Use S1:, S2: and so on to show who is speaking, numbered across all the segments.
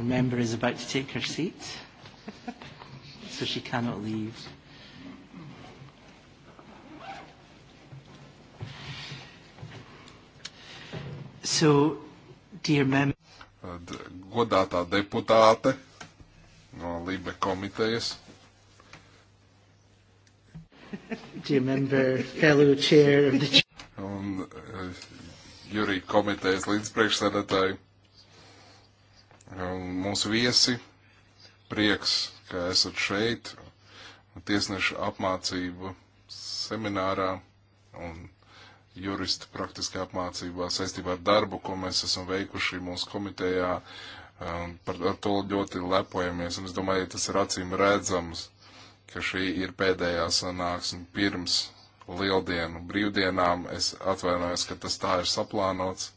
S1: Our member is about to take her seat,
S2: so she cannot leave. So, dear member. Godātā deputāte no Libe komitejas.
S3: Dear member, fellow chair of the.
S2: Un uh, eh, Jurija komitejas līdzpriekšsēdētāju mūsu viesi. Prieks, ka esat šeit, tiesnešu apmācību seminārā un jurista praktiskā apmācībā saistībā ar darbu, ko mēs esam veikuši mūsu komitejā. Um, par to ļoti lepojamies, un es domāju, ja tas ir acīm redzams, ka šī ir pēdējā sanāksme pirms lieldienu brīvdienām. Es atvainojos, ka tas tā ir saplānots.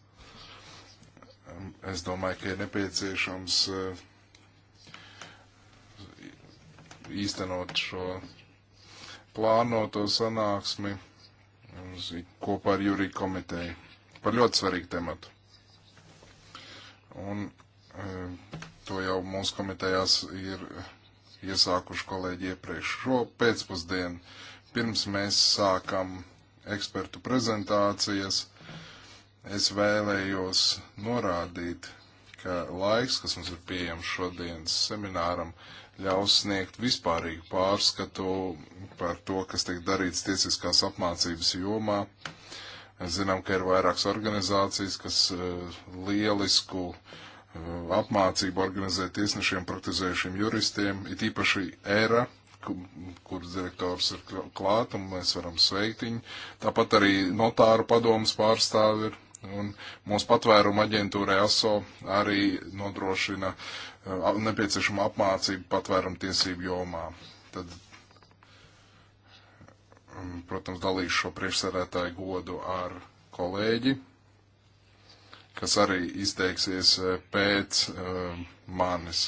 S2: Es domāju, ka ir nepieciešams eh, īstenot šo plānoto sanāksmi kopā ar Juriju komiteju par ļoti svarīgu tematu. Un eh, to jau mūsu komitejās ir iesākuši kolēģi iepriekš šo pēcpusdienu. Pirms mēs sākam ekspertu prezentācijas es vēlējos norādīt, ka laiks, kas mums ir pieejams šodienas semināram, ļaus sniegt vispārīgu pārskatu par to, kas tiek darīts tiesiskās apmācības jomā. Mēs zinām, ka ir vairākas organizācijas, kas uh, lielisku uh, apmācību organizē tiesnešiem, praktizējušiem juristiem, it īpaši ERA, kuras direktors ir klāt, un mēs varam sveikt viņu. Tāpat arī notāru padomas pārstāvi ir Un mūsu patvēruma aģentūrai ASO arī nodrošina uh, nepieciešamo apmācību patvērumu tiesību jomā. Tad, um, protams, dalīšu šo priekšsēdētāju godu ar kolēģi, kas arī izteiksies uh, pēc uh, manis.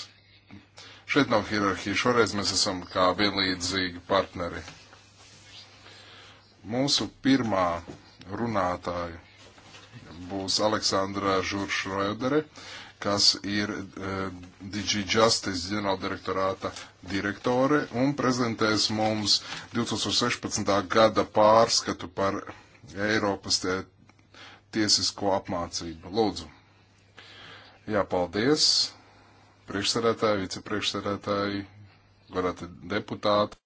S2: Šeit nav hierarhija, šoreiz mēs esam kā vienlīdzīgi partneri. Mūsu pirmā runātāja būs Aleksandra Žuršrēdere, kas ir uh, e, DG Justice ģenerāldirektorāta direktore un prezentēs mums 2016. gada pārskatu par Eiropas tiesisko apmācību. Lūdzu. Jā, paldies. Priekšsēdētāji, vicepriekšsēdētāji, varētu deputāti.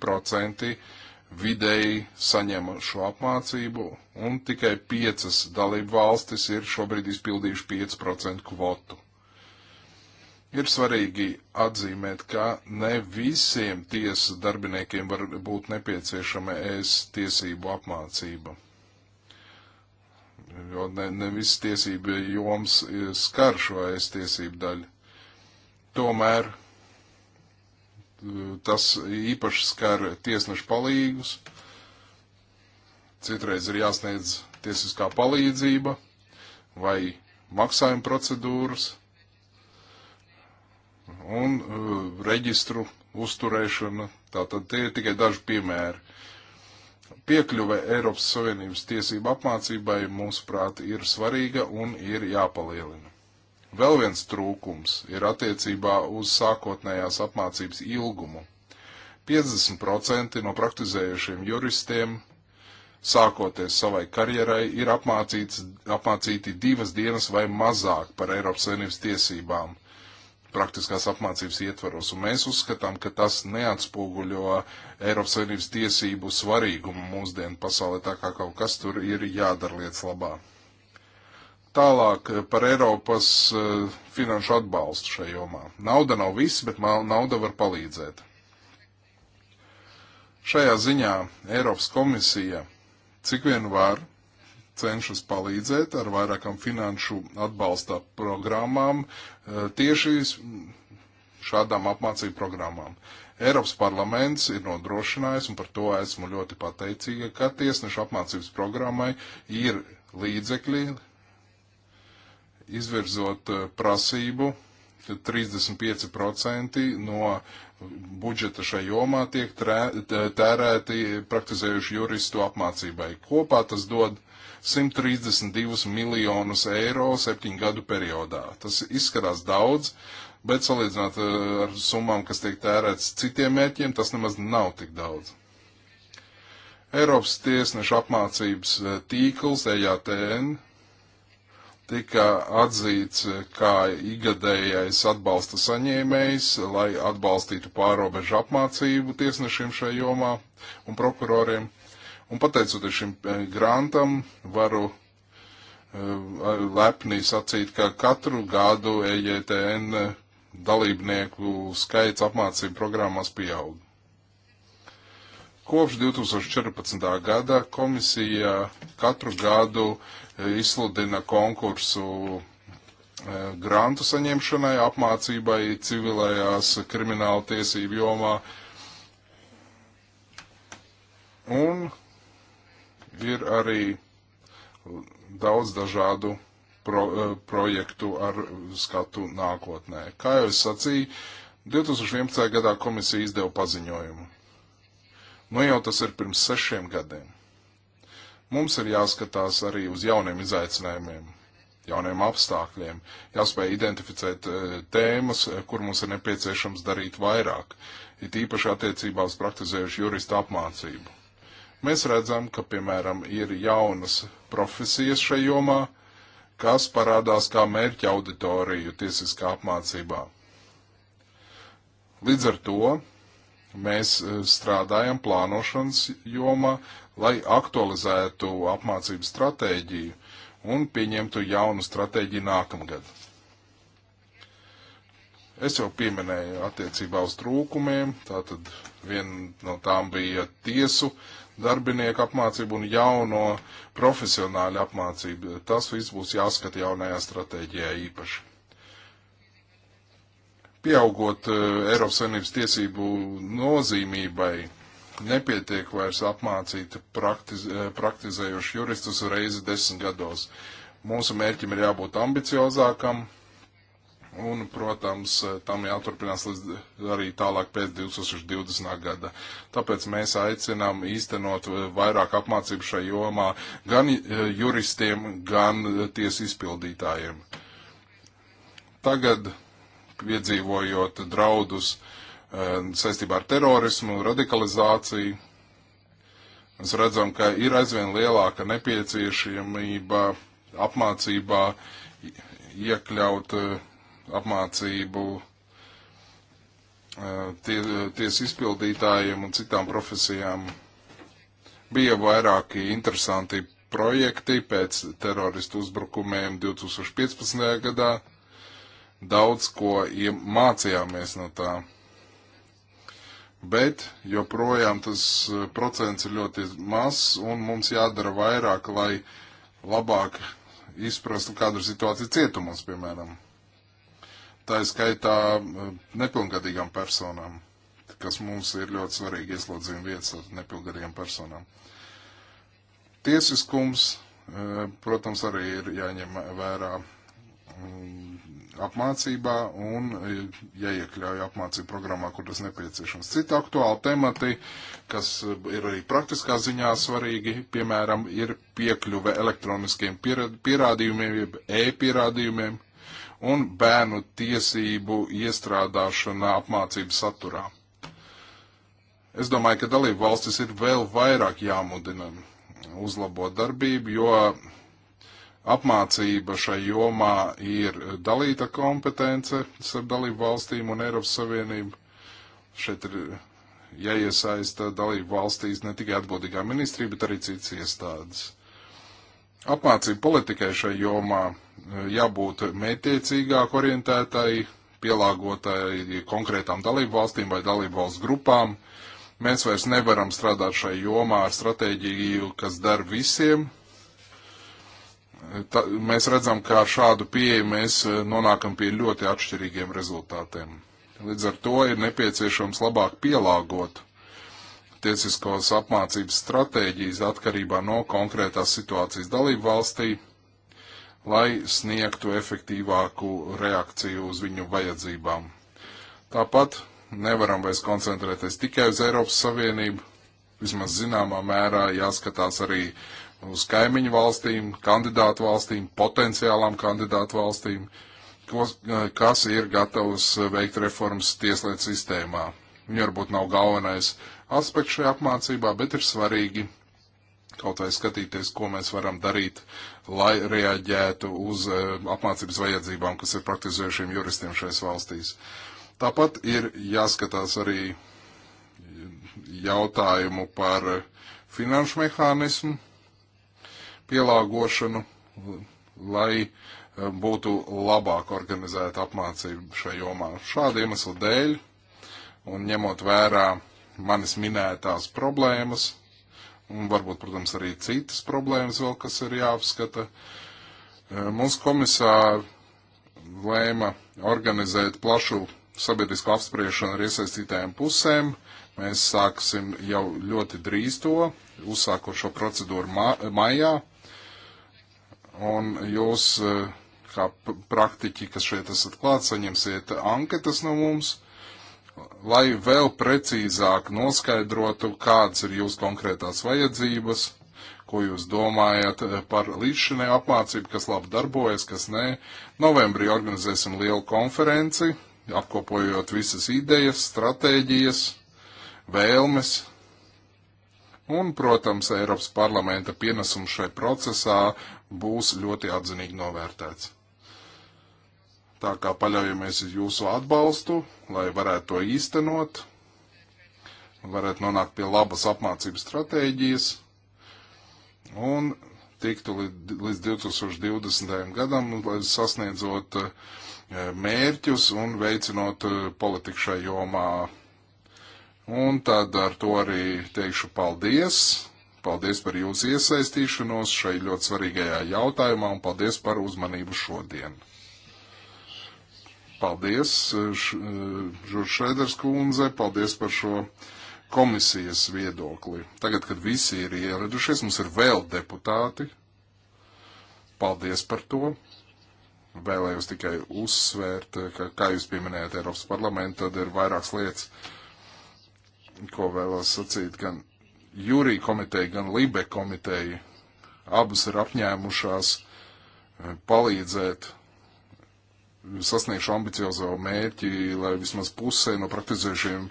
S2: procenti vidēji saņem šo apmācību, un tikai piecas dalību valstis ir šobrīd izpildījuši 5% kvotu. Ir svarīgi atzīmēt, ka ne visiem tiesas darbiniekiem var būt nepieciešama ES tiesību apmācība. Jo ne, ne visas tiesība joms skar šo ES tiesību daļu. Tomēr Tas īpaši skar tiesnešu palīgus. Citreiz ir jāsniedz tiesiskā palīdzība vai maksājuma procedūras un uh, reģistru uzturēšana. Tātad tie ir tikai daži piemēri. Piekļuve Eiropas Savienības tiesību apmācībai, mūsuprāt, ir svarīga un ir jāpalielina. Vēl viens trūkums ir attiecībā uz sākotnējās apmācības ilgumu. 50% no praktizējušiem juristiem, sākoties savai karjerai, ir apmācīts, apmācīti divas dienas vai mazāk par Eiropas Savienības tiesībām praktiskās apmācības ietvaros, un mēs uzskatām, ka tas neatspoguļo Eiropas Savienības tiesību svarīgumu mūsdienu pasaulē, tā kā kaut kas tur ir jādara lietas labā. Tālāk eh, par Eiropas eh, finanšu atbalstu šajā jomā. Nauda nav viss, bet nauda var palīdzēt. Šajā ziņā Eiropas komisija cik vien var cenšas palīdzēt ar vairākam finanšu atbalsta programmām, eh, tieši šādām apmācību programmām. Eiropas parlaments ir nodrošinājis, un par to esmu ļoti pateicīga, ka tiesnešu apmācības programmai ir līdzekļi, izvirzot eh, prasību, ka 35% no budžeta šai jomā tiek tērēti praktizējuši juristu apmācībai. Kopā tas dod 132 miljonus eiro septiņu gadu periodā. Tas izskatās daudz, bet salīdzināt eh, ar summām, kas tiek tērētas citiem mērķiem, tas nemaz nav tik daudz. Eiropas tiesnešu apmācības eh, tīkls EJTN tika atzīts kā igadējais atbalsta saņēmējs, lai atbalstītu pārobežu apmācību tiesnešiem šajā jomā un prokuroriem. Un pateicoties šim eh, grantam, varu eh, lepni sacīt, ka katru gadu EJTN dalībnieku skaits apmācību programmās pieaug. Kopš 2014. gada komisija katru gadu e, izsludina konkursu e, grantu saņemšanai, apmācībai civilajās krimināla tiesību jomā. Un ir arī daudz dažādu pro, e, projektu ar skatu nākotnē. Kā jau es sacīju, 2011. gadā komisija izdeva paziņojumu. Nu jau tas ir pirms sešiem gadiem. Mums ir jāskatās arī uz jauniem izaicinājumiem, jauniem apstākļiem, jāspēj identificēt eh, tēmas, eh, kur mums ir nepieciešams darīt vairāk, it īpaši attiecībā uz praktizējušu juristu apmācību. Mēs redzam, ka, piemēram, ir jaunas profesijas šajā jomā, kas parādās kā mērķa auditoriju tiesiskā apmācībā. Līdz ar to Mēs eh, strādājam plānošanas jomā, lai aktualizētu apmācību stratēģiju un pieņemtu jaunu stratēģiju nākamgad. Es jau pieminēju attiecībā uz trūkumiem, tātad viena no tām bija tiesu darbinieku apmācību un jauno profesionāļu apmācību. Tas viss būs jāskata jaunajā stratēģijā īpaši. Pieaugot eh, Eiropas Savienības tiesību nozīmībai, nepietiek vairs apmācīt praktiz, eh, praktizējuši juristus reizi desmit gados. Mūsu mērķim ir jābūt ambiciozākam un, protams, eh, tam jāturpinās līdz arī tālāk pēc 2020. gada. Tāpēc mēs aicinām īstenot vairāk apmācību šai jomā gan juristiem, gan tiesu izpildītājiem. Tagad piedzīvojot draudus eh, saistībā ar terorismu, radikalizāciju. Mēs redzam, ka ir aizvien lielāka nepieciešamība apmācībā iekļaut eh, apmācību eh, tie, tiesu izpildītājiem un citām profesijām. Bija vairāki interesanti projekti pēc teroristu uzbrukumiem 2015. gadā daudz ko mācījāmies no tā. Bet joprojām tas eh, procents ir ļoti mazs un mums jādara vairāk, lai labāk izprastu kādu situāciju cietumos, piemēram. Tā ir skaitā eh, nepilngadīgām personām, kas mums ir ļoti svarīgi ieslodzījuma vietas ar nepilngadīgām personām. Tiesiskums, eh, protams, arī ir jāņem vērā mm, apmācībā un jāiekļauj eh, ja apmācību programmā, kur tas nepieciešams. Cita aktuāla temati, kas eh, ir arī praktiskā ziņā svarīgi, piemēram, ir piekļuve elektroniskiem pierādījumiem, e-pierādījumiem un bērnu tiesību iestrādāšana apmācības saturā. Es domāju, ka dalību valstis ir vēl vairāk jāmudina uzlabot darbību, jo apmācība šai jomā ir dalīta kompetence starp dalību valstīm un Eiropas Savienību. Šeit ir jāiesaista dalību valstīs ne tikai atbildīgā ministrija, bet arī citas iestādes. Apmācība politikai šai jomā eh, jābūt mētiecīgāk orientētai, pielāgotai konkrētām dalību valstīm vai dalību valsts grupām. Mēs vairs nevaram strādāt šai jomā ar stratēģiju, kas der visiem, ta, mēs redzam, ka ar šādu pieeju mēs eh, nonākam pie ļoti atšķirīgiem rezultātiem. Līdz ar to ir nepieciešams labāk pielāgot tiesiskos apmācības stratēģijas atkarībā no konkrētās situācijas dalību valstī, lai sniegtu efektīvāku reakciju uz viņu vajadzībām. Tāpat nevaram vairs koncentrēties tikai uz Eiropas Savienību, vismaz zināmā mērā jāskatās arī uz kaimiņu valstīm, kandidātu valstīm, potenciālām kandidātu valstīm, kos, eh, kas ir gatavs eh, veikt reformas tieslietu sistēmā. Viņi varbūt nav galvenais aspekts šajā apmācībā, bet ir svarīgi kaut vai skatīties, ko mēs varam darīt, lai reaģētu uz eh, apmācības vajadzībām, kas ir praktizējušiem juristiem šais valstīs. Tāpat ir jāskatās arī jautājumu par finanšu mehānismu pielāgošanu, lai eh, būtu labāk organizēta apmācība šajā jomā. Šāda iemesla dēļ un ņemot vērā manis minētās problēmas, un varbūt, protams, arī citas problēmas vēl, kas ir jāapskata, eh, mūsu komisāri lēma organizēt plašu sabiedrisko apspriešanu ar iesaistītajām pusēm, Mēs sāksim jau ļoti drīz to, uzsākošo procedūru ma maijā. Un jūs, e, kā praktiķi, kas šeit esat klāt, saņemsiet anketas no mums, lai vēl precīzāk noskaidrotu, kādas ir jūsu konkrētās vajadzības, ko jūs domājat e, par līdzšinēju apmācību, kas labi darbojas, kas nē. Novembrī organizēsim lielu konferenci, apkopojot visas idejas, stratēģijas vēlmes un, protams, Eiropas parlamenta pienesums šai procesā būs ļoti atzinīgi novērtēts. Tā kā paļaujamies uz jūsu atbalstu, lai varētu to īstenot, varētu nonākt pie labas apmācības stratēģijas un tiktu līdz 2020. gadam, lai sasniedzot eh, mērķus un veicinot eh, politiku šai jomā Un tad ar to arī teikšu paldies. Paldies par jūsu iesaistīšanos šai ļoti svarīgajā jautājumā un paldies par uzmanību šodien. Paldies, Žuršēders kundze, paldies par šo komisijas viedokli. Tagad, kad visi ir ieradušies, mums ir vēl deputāti. Paldies par to. Vēlējos tikai uzsvērt, ka, kā jūs pieminējat Eiropas parlamentu, tad ir vairākas lietas ko vēlos sacīt, gan jūrī komiteja, gan libe komiteja abas ir apņēmušās eh, palīdzēt sasniegšu ambiciozo mērķi, lai vismaz pusē no praktizējušiem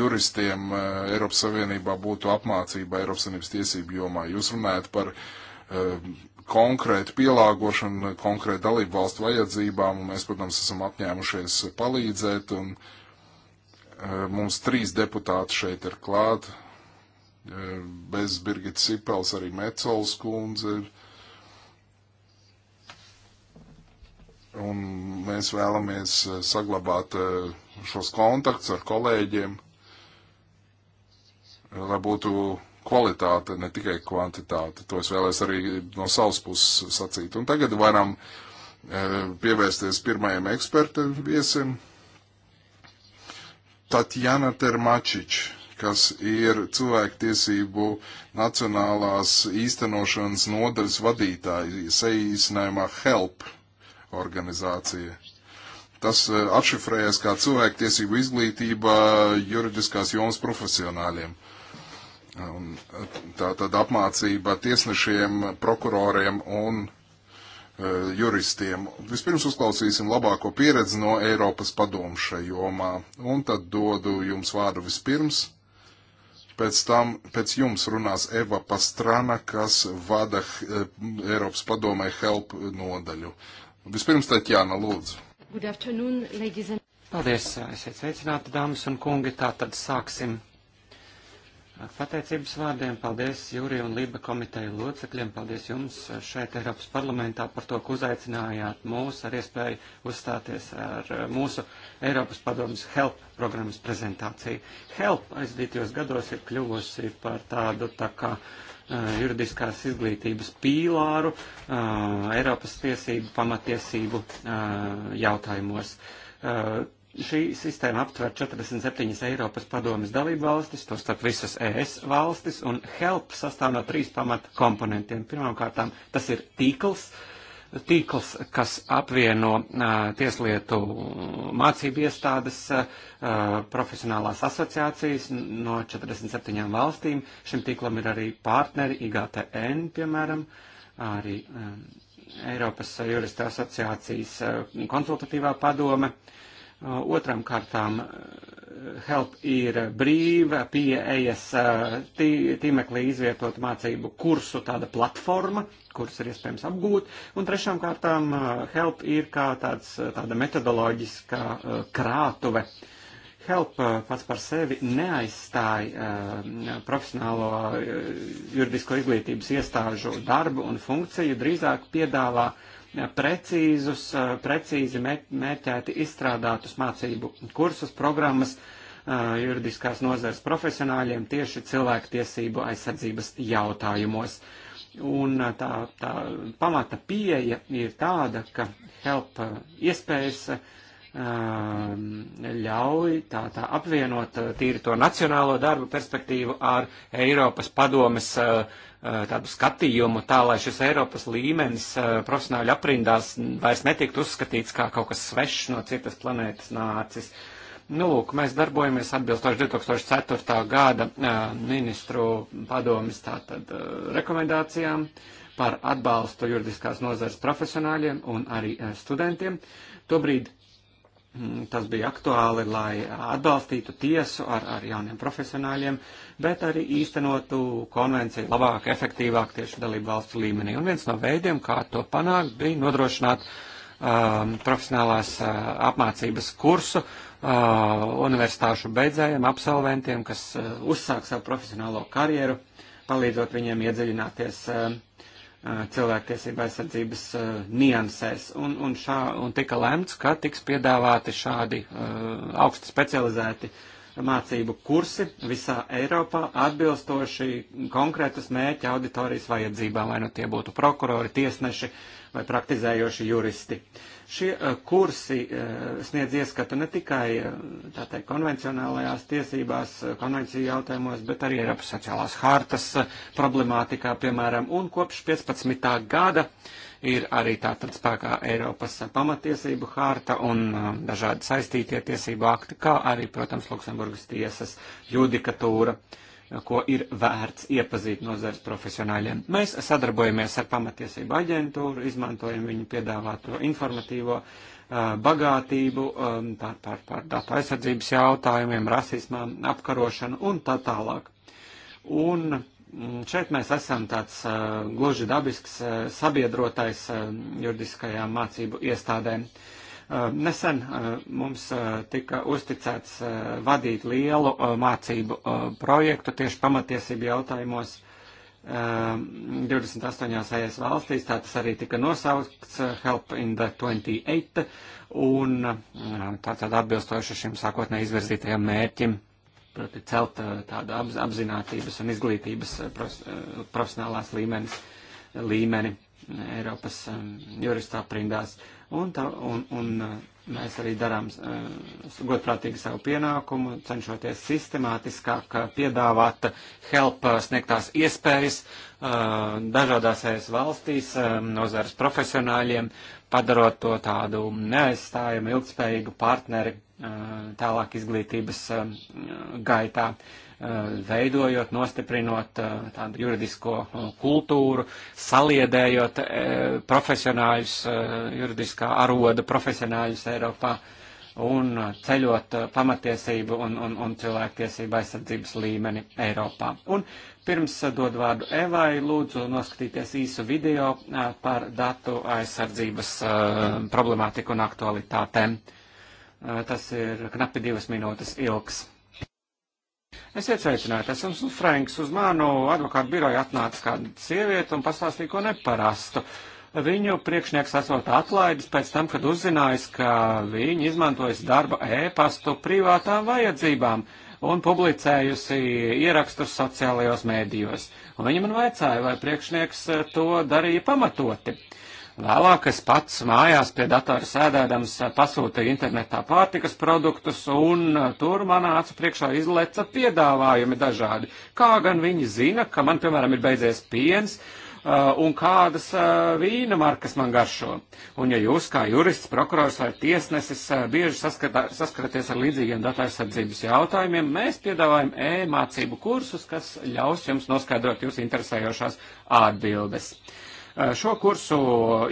S2: juristiem eh, Eiropas Savienībā būtu apmācība Eiropas Savienības tiesību jomā. Jūs runājat par um, konkrētu pielāgošanu, konkrētu dalību valstu vajadzībām, un mēs, protams, esam apņēmušies palīdzēt, un uh, Eh, mums trīs deputāti šeit ir klāt. Eh, bez Birgit Sipels arī Mecols kundze ir. Un mēs vēlamies eh, saglabāt šos kontaktus ar kolēģiem, lai būtu kvalitāte, ne tikai kvantitāte. To es vēlēs arī no savas puses sacīt. Un tagad varam pievērsties pirmajam eksperta viesim. Tatjana Termačič, kas ir cilvēktiesību nacionālās īstenošanas nodaļas vadītāja, saīsinājumā HELP organizācija. Tas eh, atšifrējas kā cilvēktiesību izglītība juridiskās jomas profesionāļiem. Un eh, tā tad apmācība tiesnešiem, prokuroriem un Eh, juristiem. Vispirms uzklausīsim labāko pieredzi no Eiropas padomu šajā jomā, un tad dodu jums vārdu vispirms. Pēc tam pēc jums runās Eva Pastrana, kas vada eh, Eiropas padomē Help nodaļu. Vispirms Tatjana, lūdzu.
S3: Good afternoon, ladies and... Paldies, esiet sveicināti, dāmas un kungi. Tātad sāksim Pateicības vārdiem paldies Jūrija un Liba komiteja locekļiem, paldies jums šeit Eiropas parlamentā par to, ka uzaicinājāt mūs ar iespēju uzstāties ar eh, mūsu Eiropas padomas HELP programmas prezentāciju. HELP aizdītajos gados ir kļuvusi par tādu tā kā eh, juridiskās izglītības pīlāru eh, Eiropas tiesību pamatiesību jautājumos Šī sistēma aptver 47 Eiropas padomjas dalību valstis, tostarp visas ES valstis, un HELP sastāv no trīs pamata komponentiem. Pirmkārt, tas ir tīkls, tīkls, kas apvieno uh, tieslietu mācību iestādes, uh, profesionālās asociācijas no 47 valstīm. Šim tīklam ir arī partneri IGTN, piemēram, arī um, Eiropas jurista asociācijas uh, konsultatīvā padome. Uh, Uh, otram kārtām uh, Help ir brīva pieejas uh, tīmeklī izvietot mācību kursu tāda platforma, kuras ir iespējams apgūt. Un trešām kārtām Help ir kā tāds, tāda metodoloģiska krātuve. Help pats par sevi neaizstāja uh, profesionālo uh, juridisko izglītības iestāžu darbu un funkciju, drīzāk piedāvā uh, precīzus, eh, precīzi mērķēti izstrādātus mācību kursus, programmas eh, juridiskās nozares profesionāļiem tieši cilvēktiesību aizsardzības jautājumos. Un eh, tā, tā pamata pieeja ir tāda, ka help iespējas ļauj tā, tā apvienot tīri to nacionālo darbu perspektīvu ar Eiropas padomes uh, Eh, tādu skatījumu tā, lai šis Eiropas līmenis eh, profesionāļu aprindās vairs netiktu uzskatīts kā kaut kas svešs no citas planētas nācis. Nu, lūk, mēs darbojamies atbilstoši 2004. gada eh, ministru padomis tātad rekomendācijām par atbalstu juridiskās nozares profesionāļiem un arī studentiem. Tobrīd Mm, tas bija aktuāli, lai atbalstītu tiesu ar, ar jauniem profesionāļiem, bet arī īstenotu konvenciju labāk, efektīvāk tieši dalību valstu līmenī. Un viens no veidiem, kā to panākt, bija nodrošināt um, profesionālās uh, apmācības kursu uh, universitāšu beidzējiem, absolventiem, kas uh, uzsāk savu profesionālo karjeru, palīdzot viņiem iedziļināties uh, cilvēktiesība aizsardzības uh, niansēs. Un, un, šā, un tika lemts, ka tiks piedāvāti šādi uh, augsti specializēti mācību kursi visā Eiropā atbilstoši konkrētas mērķa auditorijas vajadzībām, vai nu tie būtu prokurori, tiesneši, uh, vai praktizējoši juristi. Šie eh, kursi eh, sniedz ieskatu ne tikai eh, teikt, konvencionālajās tiesībās, konvenciju jautājumos, bet arī Eiropas sociālās hārtas problemātikā, piemēram, un kopš 15. gada ir arī tātad spēkā Eiropas pamatiesību hārta un dažādi saistītie tiesību akti, kā arī, protams, Luksemburgas tiesas judikatūra. Uh, ko ir vērts iepazīt nozares profesionāļiem. Mēs sadarbojamies ar pamatiesību aģentūru, izmantojam viņu piedāvāto informatīvo bagātību par, par, par datu aizsardzības jautājumiem, rasismā, apkarošanu un tā tālāk. Un mm, šeit mēs esam tāds gluži dabisks sabiedrotais juridiskajām mācību iestādēm. Uh, Eh, nesen eh, mums eh, tika uzticēts vadīt lielu mācību projektu tieši pamatiesību jautājumos 28 AS valstīs, tā tas arī tika nosaukts Help in the 28 un tātad atbilstoši šim sākotnē izvirzītajam mērķim, proti celt tādu apz, apzinātības un izglītības profes, profesionālās līmenis, līmeni Eiropas juristā prindās. Uh, un, tā, un, un uh, mēs arī darām uh, godprātīgi savu pienākumu, cenšoties sistemātiskāk uh, piedāvāt help sniegtās iespējas dažādās ES valstīs, um, nozares profesionāļiem, padarot to tādu neaizstājumu, ilgspējīgu partneri tālāk izglītības um, gaitā. Uh, Eh, veidojot, nostiprinot eh, tādu juridisko eh, kultūru, saliedējot profesionāļus, juridiskā aroda profesionāļus Eiropā un ceļot pamatiesību un, un, un cilvēktiesību aizsardzības līmeni Eiropā. Un pirms dod vārdu Evai, lūdzu noskatīties īsu video par datu aizsardzības problemātiku un aktualitātēm. Tas ir knapi divas minūtes ilgs. Esiet sveicināti, esmu nu, Franks. Uz manu advokātu biroju atnāca kāda sieviete un pastāstīja ko neparastu. Viņu priekšnieks esot atlaidis pēc tam, kad uzzinājis, ka viņi izmantojas darba ēpastu e privātām vajadzībām un publicējusi ierakstus sociālajos mēdījos. Un viņa man vaicāja, vai priekšnieks to darīja pamatoti. Uh, Vēlāk es pats mājās pie datora sēdēdams pasūtīju internetā pārtikas produktus, un tur manā acu priekšā izleca piedāvājumi dažādi. Kā gan viņi zina, ka man, piemēram, ir beidzies piens, uh, un kādas uh, vīna markas man garšo. Un ja jūs, kā jurists, prokurors vai tiesnesis, uh, bieži saskatā, saskaraties ar līdzīgiem datorsardzības jautājumiem, mēs piedāvājam e-mācību kursus, kas ļaus jums noskaidrot jūs interesējošās atbildes. Eh, šo kursu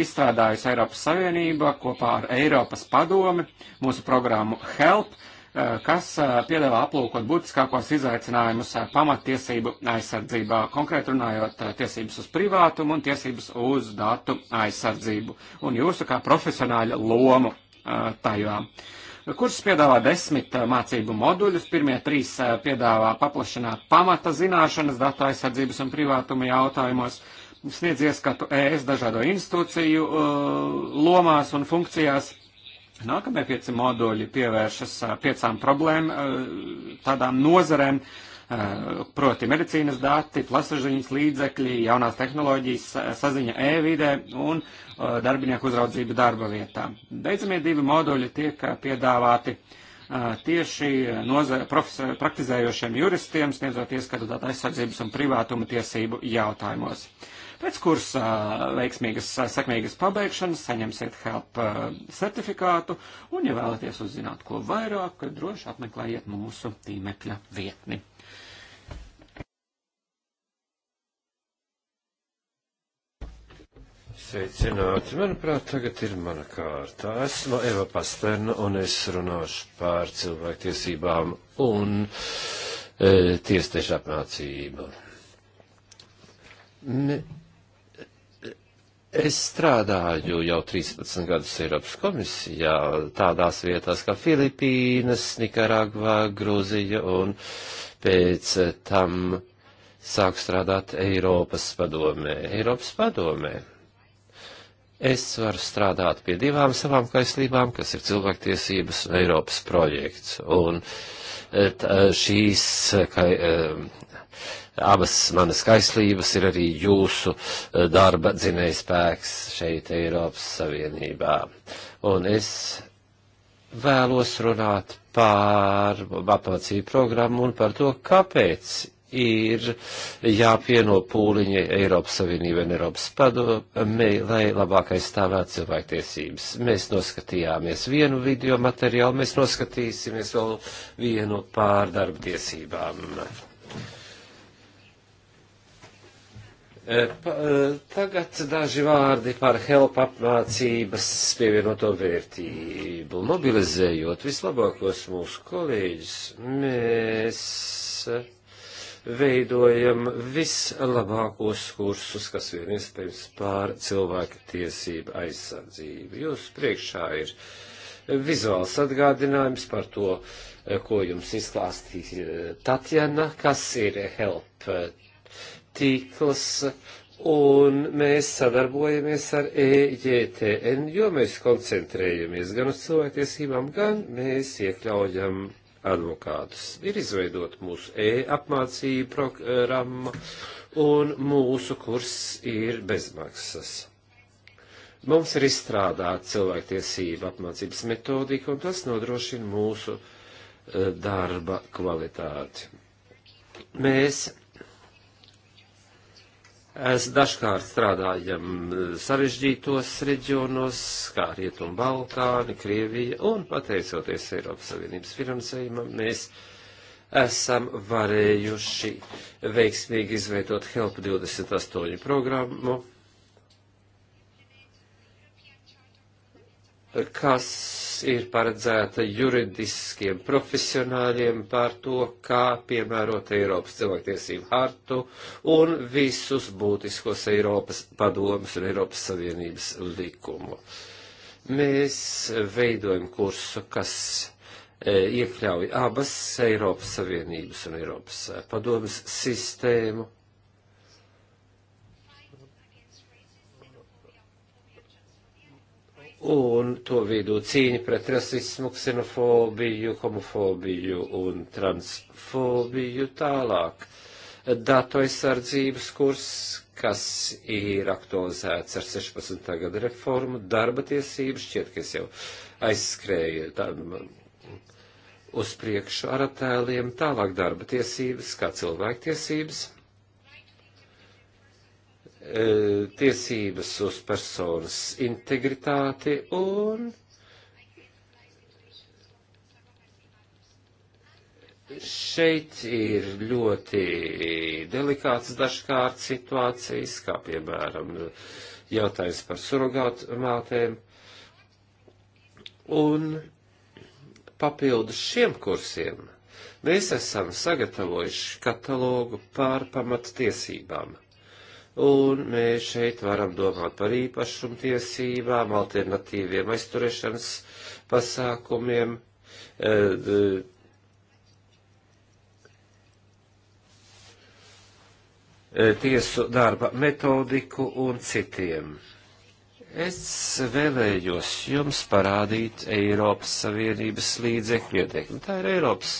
S3: izstrādājusi Eiropas Savienība kopā ar Eiropas padomi, mūsu programmu HELP, eh, kas eh, piedāvā aplūkot būtiskākos izaicinājumus pamattiesību aizsardzībā, konkrēt runājot tiesības uz privātumu un tiesības uz datu aizsardzību un jūsu kā profesionāļa lomu tajā. Kurs piedāvā desmit mācību moduļus. Pirmie trīs piedāvā paplašināt pamata zināšanas datu aizsardzības un privātuma jautājumos sniedz ieskatu ES dažādo institūciju uh, lomās un funkcijās. Nākamie pieci moduļi pievēršas uh, piecām problēmām, uh, tādām nozarēm, uh, proti medicīnas dati, plasažiņas līdzekļi, jaunās tehnoloģijas, uh, saziņa e-vidē un darbinieku uzraudzība darba vietā. Beidzamie divi moduļi tiek piedāvāti tieši noze, profesor, praktizējošiem juristiem, sniedzot ieskatu datu aizsardzības un privātuma tiesību jautājumos. Pēc kursa veiksmīgas, sekmīgas pabeigšanas saņemsiet HELP uh, certifikātu, un, ja vēlaties uzzināt ko vairāk, droši apmeklējiet mūsu tīmekļa vietni. Sveicināti!
S1: Manuprāt, tagad ir mana kārta. Esmu Eva Pasterna un es runāšu par cilvēktiesībām un e, tiesteša apmācību. Me, Es strādāju jau 13 gadus Eiropas komisijā, tādās vietās kā Filipīnas, Nikaragvā, Grūzija, un pēc tam sāk strādāt Eiropas padomē. Eiropas padomē. Es varu strādāt pie divām savām kaislībām, kas ir cilvēktiesības un Eiropas projekts. Un eh, t, eh, šīs kai, eh, abas manas kaislības ir arī jūsu eh, darba dzinējas spēks šeit Eiropas Savienībā. Un es vēlos runāt par apmācību programmu un par to, kāpēc ir jāpieno pūliņi Eiropas Savienībai un Eiropas padomei, lai labāk aizstāvētu cilvēktiesības. Mēs noskatījāmies vienu video materiālu, mēs noskatīsimies vēl vienu pārdarba tiesībām. Eh, eh, tagad daži vārdi par help apmācības pievienoto vērtību. Mobilizējot vislabākos mūsu kolēģus, mēs veidojam vislabākos kursus, kas vien iespējams pār cilvēka tiesību aizsardzību. Jūs priekšā ir vizuāls atgādinājums par to, eh, ko jums izklāstīja Tatjana, kas ir help tīklus, un mēs sadarbojamies ar EJTN, jo mēs koncentrējamies gan uz cilvēktiesībām, gan mēs iekļaujam advokātus. Ir izveidot mūsu e-apmācību programma, un mūsu kurs ir bezmaksas. Mums ir izstrādāta cilvēktiesība apmācības metodika, un tas nodrošina mūsu eh, darba kvalitāti. Mēs Es dažkārt strādājam eh, sarežģītos reģionos, kā Rietum Balkāni, Krievija, un pateicoties Eiropas Savienības finansējumam, mēs esam varējuši veiksmīgi izveidot HELP 28 programmu, kas ir paredzēta juridiskiem profesionāļiem par to, kā piemērot Eiropas cilvēktiesību hartu un visus būtiskos Eiropas padomus un Eiropas Savienības likumu. Mēs veidojam kursu, kas e, iekļauj abas Eiropas Savienības un Eiropas e, padomus sistēmu un to vidū cīņa pret rasismu, ksenofobiju, homofobiju un transfobiju tālāk. Datu aizsardzības kurs, kas ir aktualizēts ar 16. gada reformu, darba tiesības, šķiet, ka es jau aizskrēju tā, uz priekšu ar attēliem, tālāk darba tiesības, kā cilvēktiesības E, tiesības uz personas integritāti un šeit ir ļoti delikāts dažkārt situācijas, kā piemēram jautājums par surrogātu mātēm. Un papildus šiem kursiem mēs esam sagatavojuši katalogu pār pamattiesībām un mēs šeit varam domāt par īpašumtiesībām, alternatīviem aizturēšanas pasākumiem. E, e, tiesu darba metodiku un citiem. Es vēlējos jums parādīt Eiropas Savienības līdzekļu ietekmi. Tā ir Eiropas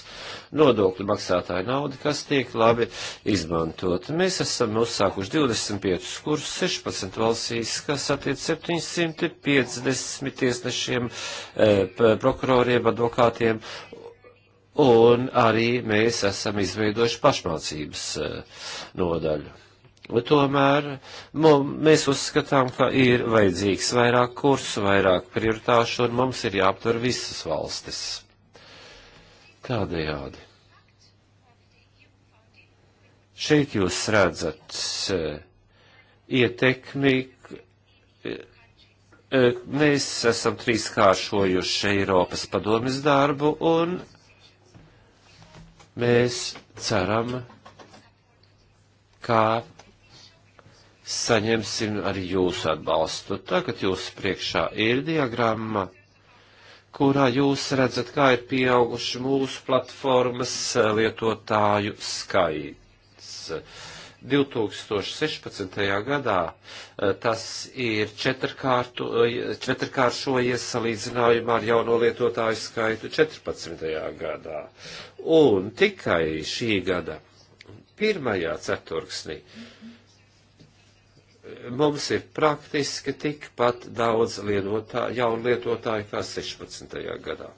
S1: nodokļu maksātāja nauda, kas tiek labi izmantot. Mēs esam uzsākuši 25 kursus 16 valstīs, kas attiec 750 tiesnešiem, eh, prokuroriem, advokātiem un arī mēs esam izveidojuši pašmācības eh, nodaļu. Tomēr mēs uzskatām, ka ir vajadzīgs vairāk kursu, vairāk prioritāšu, un mums ir jāaptver visas valstis. Tādējādi. Šeit jūs redzat eh, ietekmi. Eh, eh, mēs esam trīskāršojuši Eiropas padomis darbu, un mēs ceram, kā saņemsim arī jūsu atbalstu. Tagad jūsu priekšā ir diagramma, kurā jūs redzat, kā ir pieauguši mūsu platformas lietotāju skaits. 2016. gadā eh, tas ir četrkārtu, eh, četrkāršojies salīdzinājumā ar jauno lietotāju skaitu 14. gadā. Un tikai šī gada pirmajā ceturksnī. Mm -hmm mums ir praktiski tikpat daudz lietotā, jaunu lietotāju kā 16. gadā.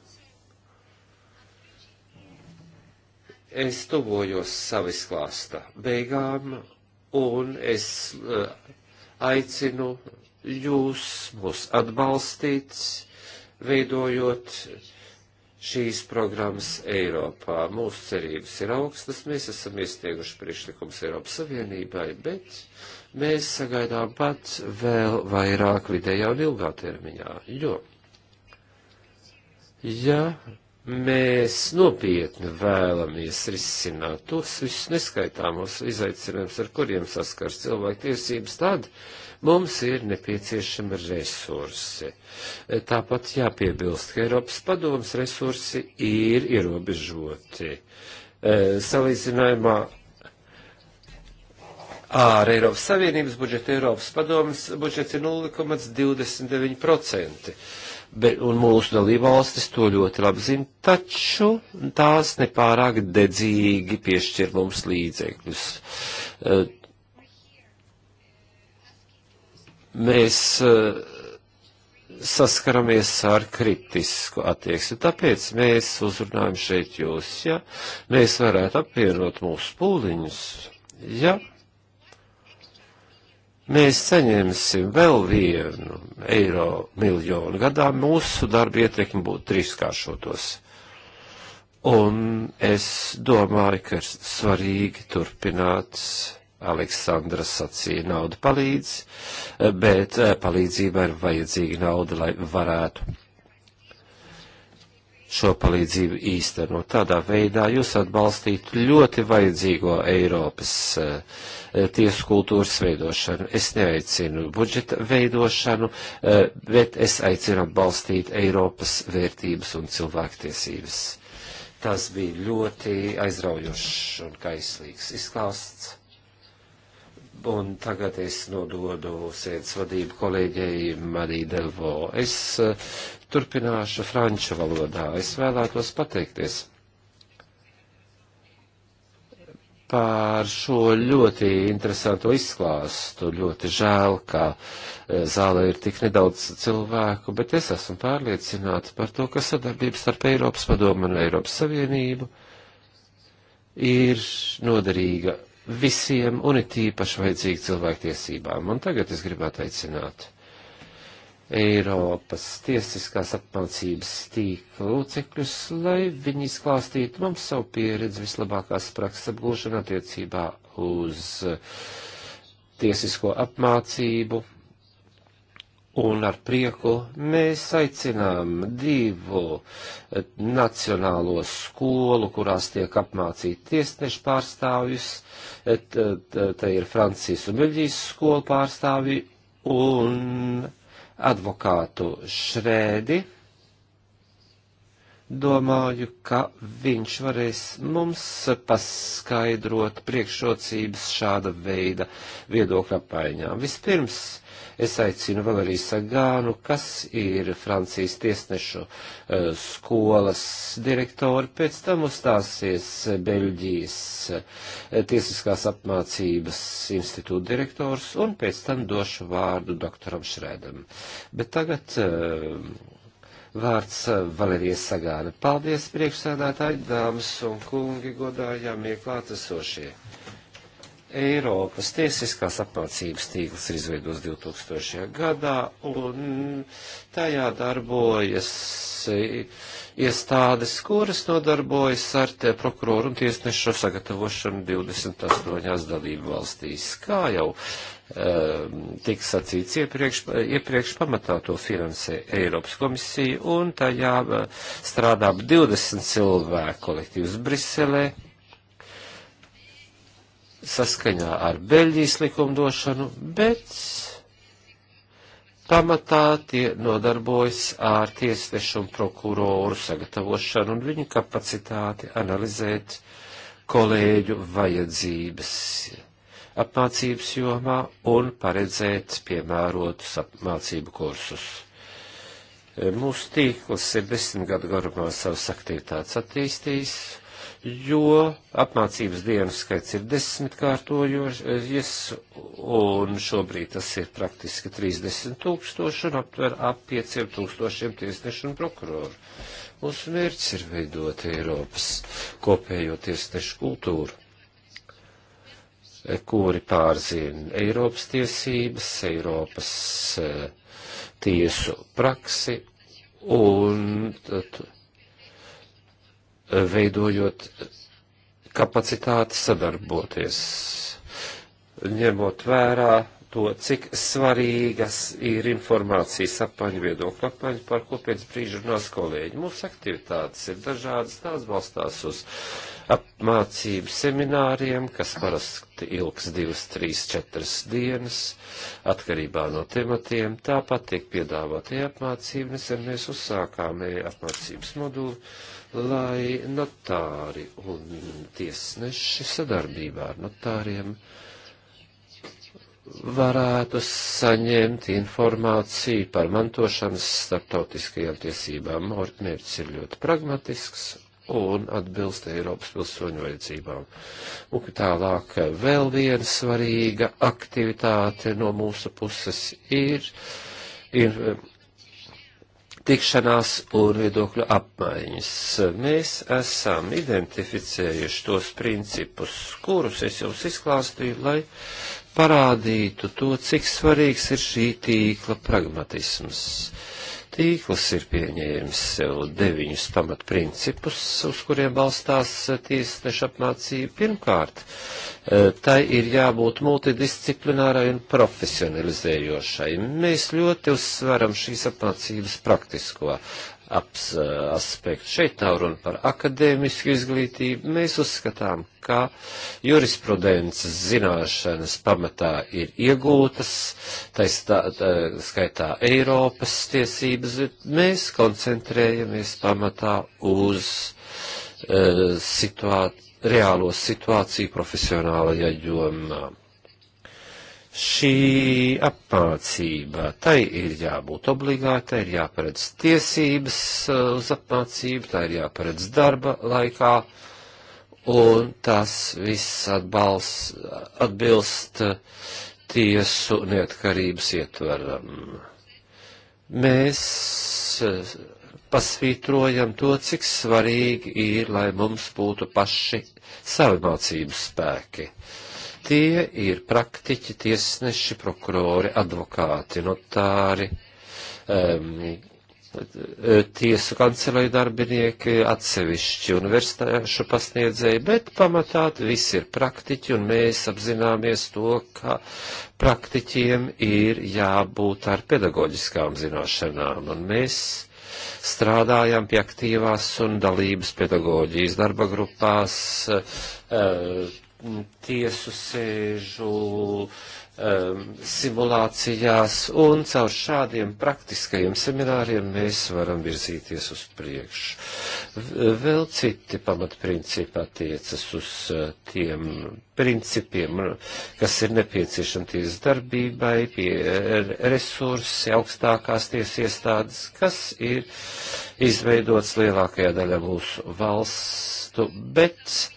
S1: Es tuvojos savisklāsta beigām un es eh, aicinu jūs mūs atbalstīt, veidojot šīs programmas Eiropā. Mūsu cerības ir augstas, mēs esam iesnieguši priekšlikums Eiropas Savienībai, bet uh, mēs sagaidām pat vēl vairāk vidējā un ilgā termiņā, jo, ja mēs nopietni vēlamies risināt tos visus neskaitāmos izaicinājumus, ar kuriem saskars cilvēktiesības, tad mums ir nepieciešami resursi. Tāpat jāpiebilst, ka Eiropas padomas resursi ir ierobežoti. Eh, salīdzinājumā ar Eiropas Savienības budžetu. Eiropas padomas budžets ir 0,29%, bet, un mūsu dalībvalstis to ļoti labi zina, taču tās nepārāk dedzīgi piešķir mums līdzekļus. E, mēs e, saskaramies ar kritisku attieksmi. Tāpēc mēs uzrunājam šeit jūs, ja mēs varētu apvienot mūsu pūliņus, ja mēs saņemsim vēl vienu eiro miljonu gadā, mūsu darba ietekme būtu trīskāršotos. Un es domāju, ka ir svarīgi turpināt Aleksandra sacīja, nauda palīdz, bet eh, palīdzība ir vajadzīga nauda, lai varētu šo palīdzību īstenot. Tādā veidā jūs atbalstītu ļoti vajadzīgo Eiropas eh, tiesu kultūras veidošanu. Es neaicinu budžeta veidošanu, eh, bet es aicinu atbalstīt Eiropas vērtības un cilvēktiesības. Tas bija ļoti aizraujošs un kaislīgs izklāsts. Un tagad es nododu sēdes vadību kolēģei Marī Delvo. Es eh, turpināšu franču valodā. Es vēlētos pateikties par šo ļoti interesantu izklāstu. Ļoti žēl, ka eh, zālē ir tik nedaudz cilvēku, bet es esmu pārliecināta par to, ka sadarbības starp Eiropas padomu un Eiropas Savienību ir noderīga visiem un ir tīpaši vajadzīgi cilvēktiesībām. Un tagad es gribētu aicināt Eiropas tiesiskās apmācības tīkla locekļus, lai viņi izklāstītu mums savu pieredzi vislabākās prakses apgūšanā attiecībā uz tiesisko apmācību Un ar prieku mēs aicinām divu eh, nacionālo skolu, kurās tiek apmācīti tiesnešu pārstāvjus. Eh, Tā ir Francijas un Beļģijas skolu pārstāvji un advokātu Šrēdi. Domāju, ka viņš varēs mums paskaidrot priekšrocības šāda veida viedokļa apmaiņām. Vispirms, Es aicinu Valēriju Sagānu, kas ir Francijas tiesnešu uh, skolas direktori, pēc tam uzstāsies Beļģijas uh, tiesiskās apmācības institūta direktors, un pēc tam došu vārdu doktoram Šrēdam. Bet tagad uh, Vārds Valērijas Sagāna. Paldies, priekšsēdētāji, dāmas un kungi, godājāmie klātesošie. Eiropas tiesiskās apmācības tīkls ir izveidos 2000. gadā, un tajā darbojas eh, iestādes, kuras nodarbojas ar te prokuroru un tiesnešu sagatavošanu 28 dalību valstīs. Kā jau um, ehm, tik sacīts iepriekš, iepriekš pamatā to finansē Eiropas komisija, un tajā eh, strādā 20 cilvēku kolektīvs Briselē saskaņā ar Beļģijas likumdošanu, bet pamatā tie nodarbojas ar tiesnešu un prokuroru sagatavošanu un viņu kapacitāti analizēt kolēģu vajadzības apmācības jomā un paredzēt piemērotus apmācību kursus. Mūsu tīkls ir desmit gadu garumā savas aktivitātes attīstījis jo apmācības dienu skaits ir desmitkārtojošies, un šobrīd tas ir praktiski 30 tūkstoši un aptver ap 5 tūkstošiem tiesnešu un prokuroru. Mūsu mērķis ir veidot Eiropas kopējo tiesnešu kultūru kuri pārzina Eiropas tiesības, Eiropas eh, tiesu praksi un t, t, veidojot kapacitāti sadarboties, ņemot vērā to, cik svarīgas ir informācijas apaņu viedokļu apaņu, par ko pēc brīža runās kolēģi. Mūsu aktivitātes ir dažādas, tās balstās uz apmācību semināriem, kas parasti ilgs divas, trīs, četras dienas, atkarībā no tematiem. Tāpat tiek piedāvātie apmācību, nesen mēs uzsākām apmācības modulu lai notāri un tiesneši sadarbībā ar notāriem varētu saņemt informāciju par mantošanas starptautiskajām tiesībām. Mērķis ir ļoti pragmatisks un atbilst Eiropas pilsoņu vajadzībām. Un tālāk vēl viena svarīga aktivitāte no mūsu puses ir, ir tikšanās un viedokļu apmaiņas. Mēs esam identificējuši tos principus, kurus es jums izklāstīju, lai parādītu to, cik svarīgs ir šī tīkla pragmatisms. Tīkls ir pieņēmis sev deviņus pamatprincipus, uz kuriem balstās tiesneša apmācība. Pirmkārt, Eh, tai ir jābūt multidisciplinārai un profesionalizējošai. Mēs ļoti uzsveram šīs apmācības praktisko aps, eh, aspektu. Šeit nav runa par akadēmisku izglītību. Mēs uzskatām, ka jurisprudences zināšanas pamatā ir iegūtas, taistā, tā, eh, skaitā Eiropas tiesības, bet mēs koncentrējamies pamatā uz uh, situāciju reālo situāciju profesionālajā jomā. Šī apmācība, tai ir jābūt obligāta, ir jāparedz tiesības uh, uz apmācību, tā ir jāparedz darba laikā, un tas viss atbalst, atbilst uh, tiesu neatkarības ietveram. Mēs uh, pasvītrojam to, cik svarīgi ir, lai mums būtu paši savi mācību spēki. Tie ir praktiķi, tiesneši, prokurori, advokāti, notāri, um, tiesu kancelēju darbinieki, atsevišķi universitāšu pasniedzēji, bet pamatā visi ir praktiķi, un mēs apzināmies to, ka praktiķiem ir jābūt ar pedagoģiskām zināšanām, un mēs strādājam pie aktīvās un dalības pedagoģijas darba grupās, eh, tiesu sēžu um, simulācijās, un caur šādiem praktiskajiem semināriem mēs varam virzīties uz priekšu. Vēl citi pamatprincipi attiecas uz uh, tiem principiem, kas ir nepieciešami tiesas darbībai, pie uh, resursi, augstākās tiesas iestādes, kas ir izveidots lielākajā daļā mūsu valstu, bet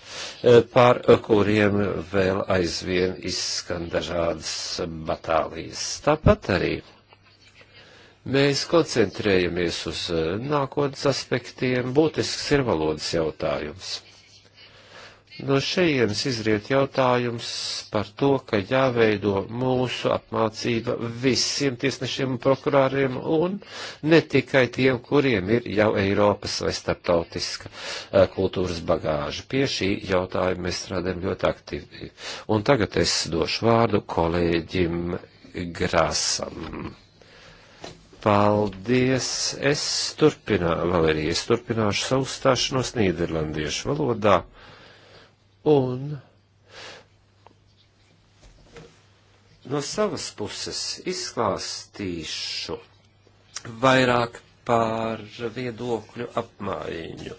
S1: Eh, pār kuriem vēl aizvien izskan dažādas batālijas. Tāpat arī mēs koncentrējamies uz eh, nākotnes aspektiem, būtisks ir valodas jautājums. No šejienes izriet jautājums par to, ka jāveido mūsu apmācība visiem tiesnešiem un prokurāriem un ne tikai tiem, kuriem ir jau Eiropas vai starptautiska eh, kultūras bagāža. Pie šī jautājuma mēs strādājam ļoti aktīvi. Un tagad es došu vārdu kolēģim Grāsam. Paldies! Es turpināšu, Valerija, es turpināšu savu stāšanos Nīderlandiešu valodā. Un no savas puses izklāstīšu vairāk par viedokļu apmaiņu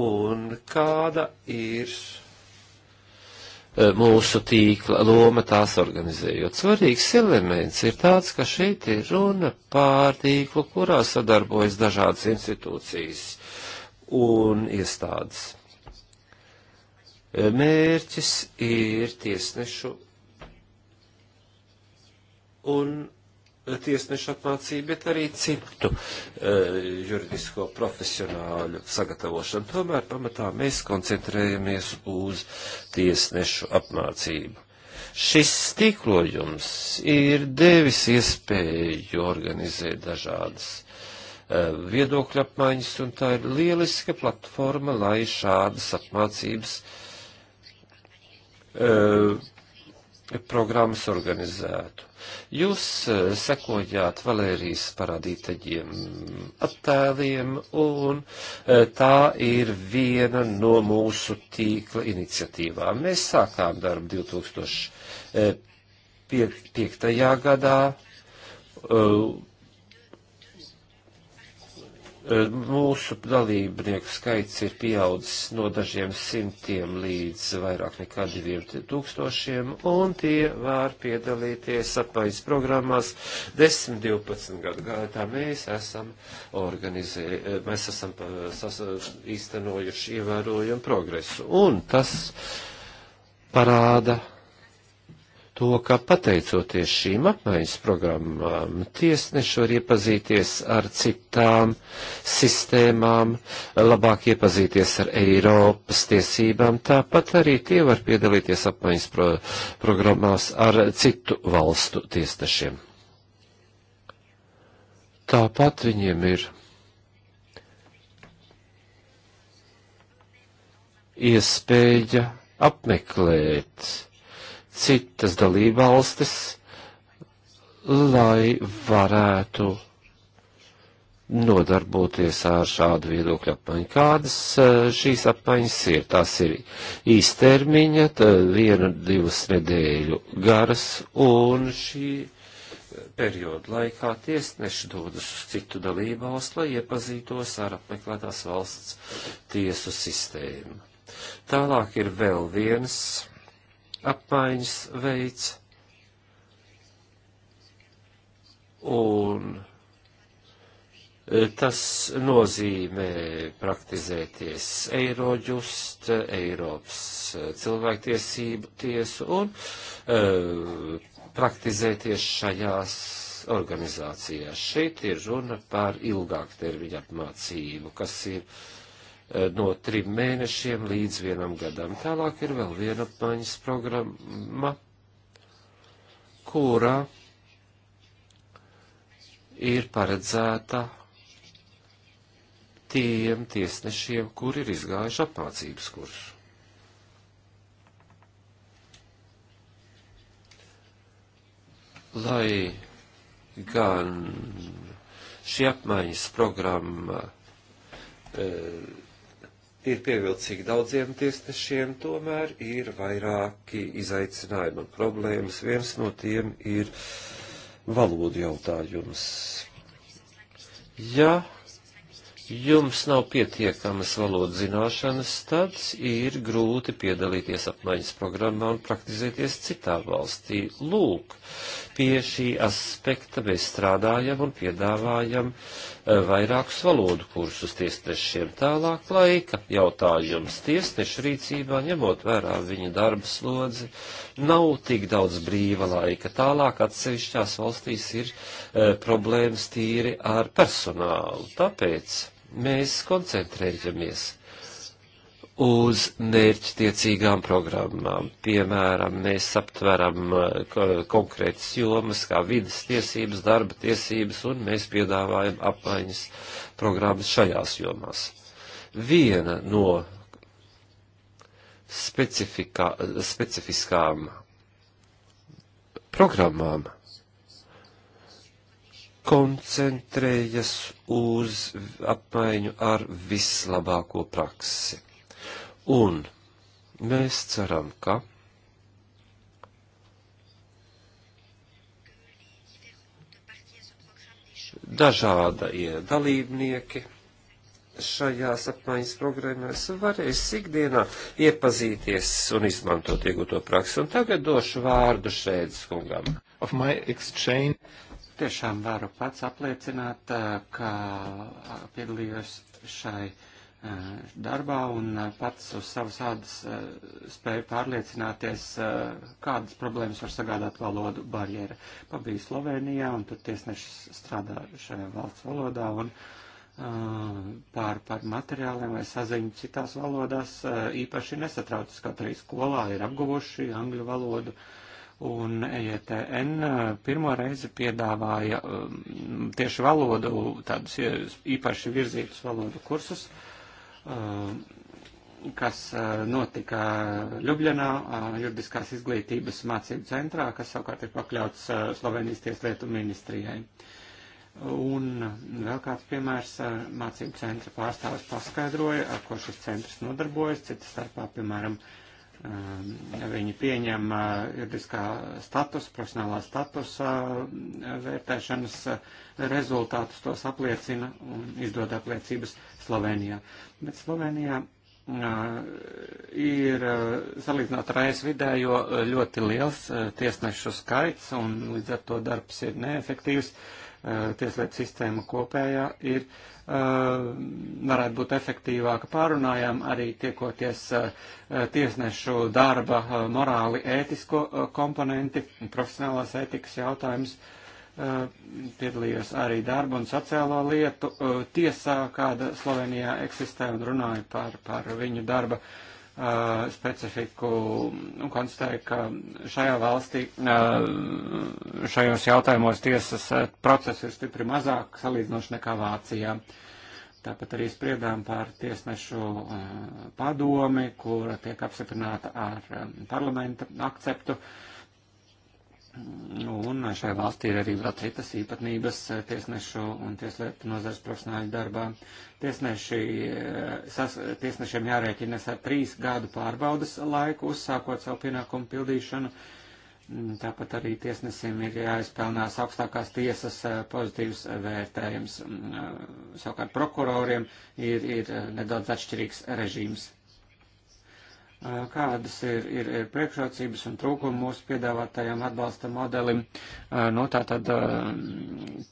S1: un kāda ir e, mūsu tīkla loma tās organizējot. Svarīgs elements ir tāds, ka šeit ir runa pār tīklu, kurā sadarbojas dažādas institūcijas un iestādes. Mērķis ir tiesnešu un tiesnešu apmācību, bet arī citu uh, juridisko profesionāļu sagatavošanu. Tomēr pamatā mēs koncentrējamies uz tiesnešu apmācību. Šis stiklojums ir devis iespēju organizēt dažādas uh, e, viedokļu apmaiņas, un tā ir lieliska platforma, lai šādas apmācības uh, Eh, programmas organizētu. Jūs eh, sekojāt Valērijas parādītajiem attēliem, un eh, tā ir viena no mūsu tīkla iniciatīvām. Mēs sākām darbu 2005. gadā Eh, mūsu dalībnieku skaits ir pieaudzis no dažiem simtiem līdz vairāk nekā diviem tūkstošiem, un tie var piedalīties apaļas programmās 10-12 gadu gaitā. Mēs esam, organizē, eh, mēs esam eh, sas, īstenojuši ievērojumu progresu, un tas parāda to, ka pateicoties šīm apmaiņas programmām, tiesneši var iepazīties ar citām sistēmām, labāk iepazīties ar Eiropas tiesībām, tāpat arī tie var piedalīties apmaiņas pro programmās ar citu valstu tiesnešiem. Tāpat viņiem ir iespēja apmeklēt citas dalībvalstis, lai varētu nodarboties ar šādu viedokļu apmaiņu. Kādas e, šīs apmaiņas ir? Tās ir īstermiņa, viena, divas nedēļu garas, un šī perioda laikā tiesneši dodas uz citu dalībvalstu, lai iepazītos ar apmeklētās valsts tiesu sistēmu. Tālāk ir vēl viens apmaiņas veids. Un e, tas nozīmē praktizēties Eiroģust, Eiropas e, cilvēktiesību tiesu un uh, praktizēties šajās organizācijās. Šeit ir runa par ilgāktermiņa apmācību, kas ir uh, Eh, no trim mēnešiem līdz vienam gadam. Tālāk ir vēl viena apmaiņas programma, kurā ir paredzēta tiem tiesnešiem, kur ir izgājuši apmācības kursu. Lai gan šī apmaiņas programma e, ir pievilcīgi daudziem tiesnešiem, tomēr ir vairāki izaicinājumi un problēmas. Viens no tiem ir valodu jautājums. Ja jums nav pietiekamas valodas zināšanas, tad ir grūti piedalīties apmaiņas programmā un praktizēties citā valstī. Lūk, pie šī aspekta mēs strādājam un piedāvājam vairākus valodu kursus tiesnešiem tālāk laika jautājums. Tiesnešu rīcībā, ņemot vērā viņa darba slodzi, nav tik daudz brīva laika. Tālāk atsevišķās valstīs ir e, problēmas tīri ar personālu. Tāpēc mēs koncentrējamies uz mērķtiecīgām programmām. Piemēram, mēs aptveram uh, konkrētas jomas, kā vidas tiesības, darba tiesības, un mēs piedāvājam apmaiņas programmas šajās jomās. Viena no specifiskām programmām koncentrējas uz apmaiņu ar vislabāko praksi Un mēs ceram, ka dažādie dalībnieki šajās apmaiņas programmās varēs ikdienā iepazīties un izmantot iegūto praksi. Un tagad došu vārdu šeit skungam.
S3: Tiešām varu pats apliecināt, eh, ka eh, piedalījos šai uh, darbā un pats uz savas ādas spēju pārliecināties, kādas problēmas var sagādāt valodu barjera. Pabija Slovenijā un tur tiesnešs strādā šajā valsts valodā un pār, pār materiāliem vai saziņu citās valodās īpaši nesatraucas, kaut arī skolā ir apguvuši angļu valodu. Un EJTN pirmo reizi piedāvāja tieši valodu, tādus īpaši virzītus valodu kursus. Uh, Uh, kas uh, notika Ljubljanā, uh, juridiskās izglītības mācību centrā, kas savukārt ir pakļauts Slovenijas tieslietu ministrijai. Un vēl kāds piemērs mācību centra pārstāvis paskaidroja, ar ko šis centrs nodarbojas, citas starpā, piemēram, um, viņi pieņem juridiskā statusa, profesionālā statusa vērtēšanas rezultātus, tos apliecina un izdod apliecības Slovenijā. Bet Slovenijā ir salīdzinot ar ASV vidējo ļoti liels tiesnešu skaits un līdz ar to darbs ir neefektīvs. Tieslietu sistēma kopējā ir, varētu būt efektīvāka pārunājām arī tiekoties tiesnešu darba morāli ētisko komponenti, profesionālās ētikas jautājumus Eh, piedalījos arī darba un sociālo lietu eh, tiesā, kāda Slovenijā eksistē, un runāju par, par viņu darba uh, specifiku un konstatēju, ka šajā valstī uh, šajos jautājumos tiesas procesi ir stipri mazāk salīdzinoši nekā Vācijā. Tāpat arī spriedām par tiesnešu uh, padomi, kura tiek apstiprināta ar parlamenta akceptu. Uh, Un šai valstī ir arī vēl citas īpatnības eh, tiesnešu un tieslietu nozares profesionāļu darbā. Tiesneši, eh, sas, tiesnešiem jārēķinas ar trīs gadu pārbaudas laiku, uzsākot savu pienākumu pildīšanu. Mm, tāpat arī tiesnesim ir jāizpelnās augstākās tiesas eh, pozitīvs vērtējums. Mm, savukārt prokuroriem ir, ir nedaudz atšķirīgs režīms kādas ir, ir, ir priekšrocības un trūkumi mūsu piedāvātajam atbalsta modelim. Nu, tā tad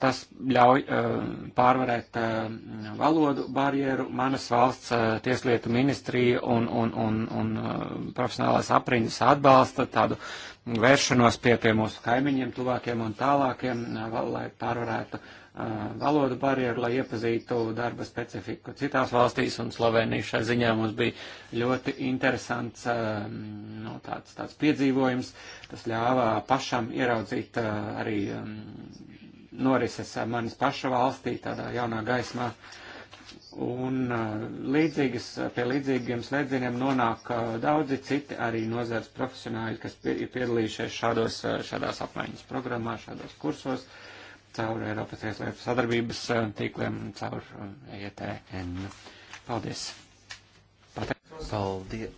S3: tas ļauj pārvarēt valodu barjeru. Manas valsts tieslietu ministrija un, un, un, un profesionālās apriņas atbalsta tādu vēršanos pie, pie mūsu kaimiņiem, tuvākiem un tālākiem, lai pārvarētu valodu barjeru, lai iepazītu darba specifiku citās valstīs, un Slovenija šai ziņā mums bija ļoti interesants no, nu, tāds, tāds piedzīvojums, kas ļāva pašam ieraudzīt arī norises manis paša valstī, tādā jaunā gaismā. Un līdzīgas, pie līdzīgiem slēdzieniem nonāk daudzi citi arī nozares profesionāļi, kas ir piedalījušies šādos, šādās apmaiņas programmās, šādos kursos. Uh, caur Eiropas tieslietu sadarbības eh, tīkliem un caur ETN. Eh, e Paldies! Pateicos! Paldies!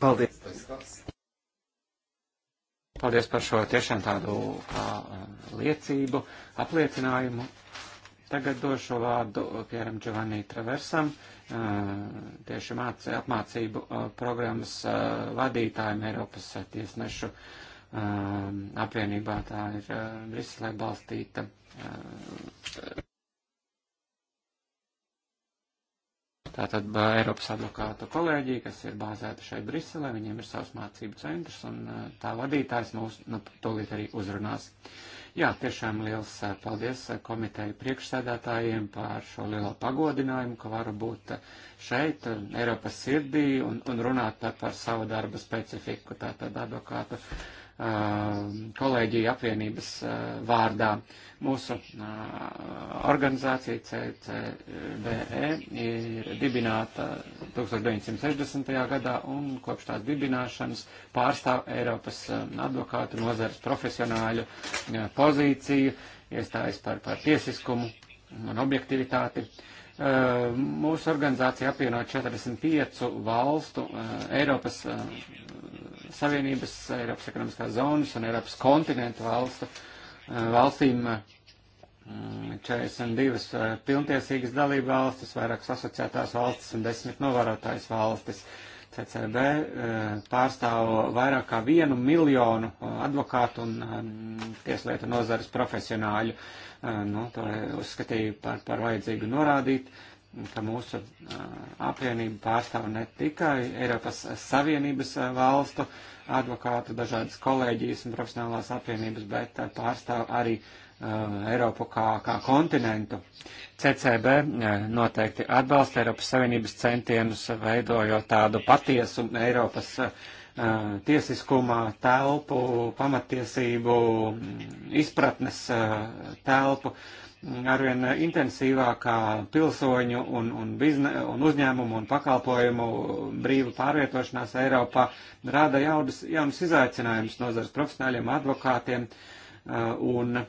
S1: Paldies!
S3: Paldies par šo tiešām tādu kā eh, liecību, apliecinājumu. Tagad došu vārdu Pieram Giovanni Traversam, tieši mācī, apmācību programmas vadītājiem Eiropas tiesnešu um, apvienībā tā ir uh, Briselē balstīta. Uh, Tātad Eiropas advokātu kolēģija, kas ir bāzēta šeit Briselē, viņiem ir savs mācību centrs, un uh, tā vadītājs mūs nu, tolīt arī uzrunās. Jā, tiešām liels paldies komiteju priekšsēdētājiem par šo lielo pagodinājumu, ka varu būt šeit, Eiropas sirdī, un, un runāt par savu darba specifiku, tātad advokātu Uh, kolēģiju apvienības uh, vārdā. Mūsu uh, organizācija CCBE ir dibināta 1960. gadā un kopš tās dibināšanas pārstāv Eiropas advokātu nozares profesionāļu pozīciju, iestājas par, par tiesiskumu un objektivitāti. Mūsu organizācija apvieno 45 valstu Eiropas Savienības, Eiropas ekonomiskās zonas un Eiropas kontinentu valstu, eh, valstīm 42 eh, eh, pilntiesīgas dalība valstis, vairākas asociētās valstis un 10 novērotājas valstis. CCB pārstāv vairāk kā vienu miljonu advokātu un ehm, tieslietu nozares profesionāļu. Nu, to uzskatīju par, par vajadzīgu norādīt ka mūsu apvienība pārstāv ne tikai Eiropas Savienības valstu advokātu, dažādas kolēģijas un profesionālās apvienības, bet pārstāv arī Eiropu kā, kā kontinentu. CCB noteikti atbalsta Eiropas Savienības centienus, veidojot tādu patiesu Eiropas uh, Eh, tiesiskumā telpu, pamatiesību mm, izpratnes eh, telpu mm, arvien intensīvākā pilsoņu un, un, bizne, un uzņēmumu un pakalpojumu brīva pārvietošanās Eiropā rada jaudas, jaunas izaicinājumus nozars profesionāļiem, advokātiem eh, un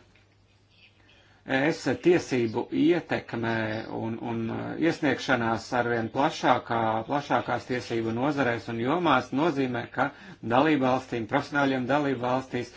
S3: es tiesību ietekmē un, un uh, iesniegšanās arvien plašākā, plašākās tiesību nozarēs un jomās nozīmē, ka dalību valstīm, profesionāļiem dalību valstīs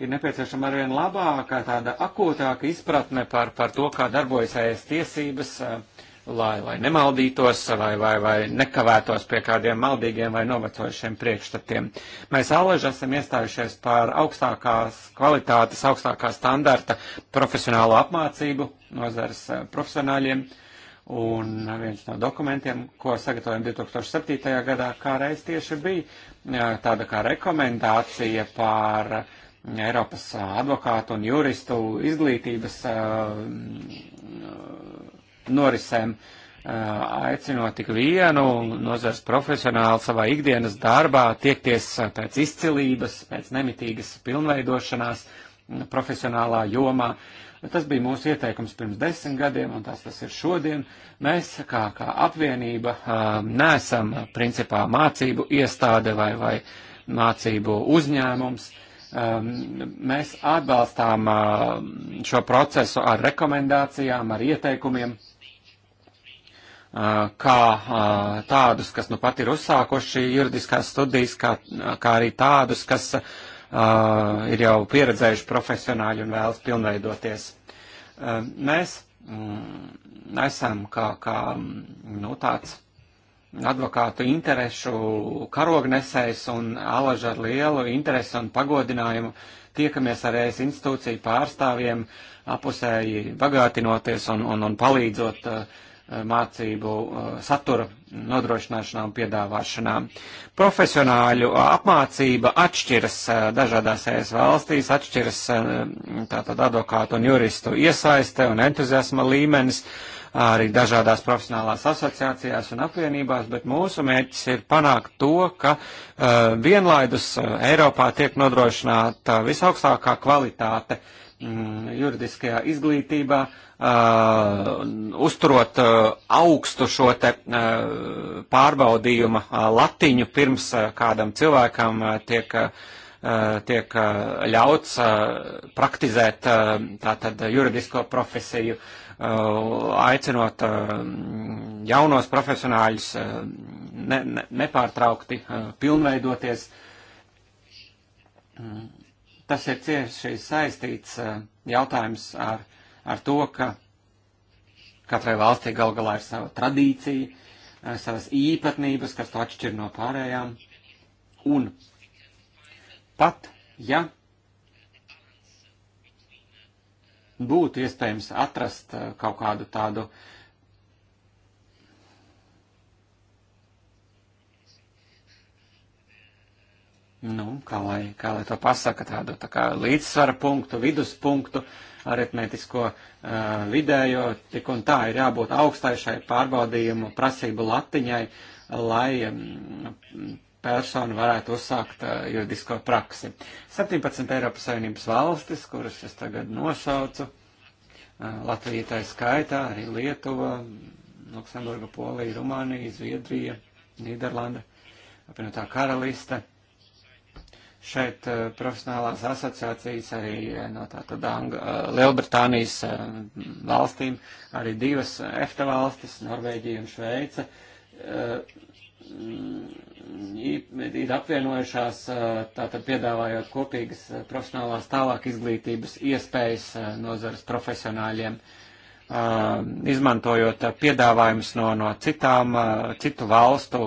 S3: ir nepieciešama arvien labākā, tāda akūtāka izpratne par, par to, kā darbojas ēst tiesības. Uh, lai, lai nemaldītos, vai, vai, vai nekavētos pie kādiem maldīgiem vai novecojušiem priekšstatiem. Mēs allaž esam iestājušies par augstākās kvalitātes, augstākā standarta profesionālo apmācību nozars eh, profesionāļiem. Un viens no dokumentiem, ko sagatavojam 2007. gadā, kā reiz tieši bija eh, tāda kā rekomendācija par eh, Eiropas advokātu un juristu izglītības norisēm, aicinot tik vienu nozars profesionāli savā ikdienas darbā tiekties pēc izcilības, pēc nemitīgas pilnveidošanās profesionālā jomā. Tas bija mūsu ieteikums pirms desmit gadiem, un tas, tas ir šodien. Mēs, kā, kā apvienība, neesam principā mācību iestāde vai, vai mācību uzņēmums. Mēs atbalstām šo procesu ar rekomendācijām, ar ieteikumiem, kā tādus, kas nu pat ir uzsākuši juridiskās studijas, kā, kā arī tādus, kas ir jau pieredzējuši profesionāļi un vēlas pilnveidoties. Mēs mm, esam kā, kā mm, nu, tāds advokātu interesu karognesējs un alaž ar lielu interesi un pagodinājumu tiekamies ar ES institūciju pārstāvjiem, apusēji bagātinoties un, un, un palīdzot uh, mācību uh, satura nodrošināšanā un piedāvāšanā. Profesionāļu uh, apmācība atšķiras uh, dažādās ES valstīs, atšķiras tātad advokātu un juristu iesaiste un entuziasma līmenis arī dažādās profesionālās asociācijās un apvienībās, bet mūsu mērķis ir panākt to, ka uh, vienlaidus Eiropā tiek nodrošināta visaugstākā kvalitāte uh, Mm, juridiskajā izglītībā, uh, uzturot uh, augstu šo te uh, pārbaudījuma uh, latiņu pirms uh, kādam cilvēkam uh, tiek, uh, tiek uh, ļauts uh, praktizēt uh, tātad juridisko profesiju, uh, aicinot uh, jaunos profesionāļus uh, ne, ne, nepārtraukti uh, pilnveidoties. Uh, Tas ir cieši saistīts eh, jautājums ar, ar to, ka katrai valstī gal galā ir sava tradīcija, eh, savas īpatnības, kas to atšķir no pārējām. Un pat, ja būtu iespējams atrast eh, kaut kādu tādu uh, nu, kā lai, kā lai to pasaka, tādu tā kā līdzsvara punktu, viduspunktu, aritmētisko uh, vidējo, tik un tā ir jābūt augstai šai pārbaudījumu prasību latiņai, lai um, mm, persona varētu uzsākt uh, juridisko praksi. 17 Eiropas Savienības valstis, kuras es tagad nosaucu, uh, Latvija tā ir skaitā, arī Lietuva, Luksemburga, Polija, Rumānija, Zviedrija, Nīderlanda, apvienotā karaliste. Uh, Šeit eh, profesionālās asociācijas arī eh, no tātad eh, Lielbritānijas valstīm, arī divas EFTA valstis, Norvēģija un Šveica, ir apvienojušās, tātad piedāvājot kopīgas profesionālās tālāk izglītības iespējas nozares profesionāļiem. Uh, Uh, izmantojot uh, piedāvājumus no, no citām, uh, citu valstu,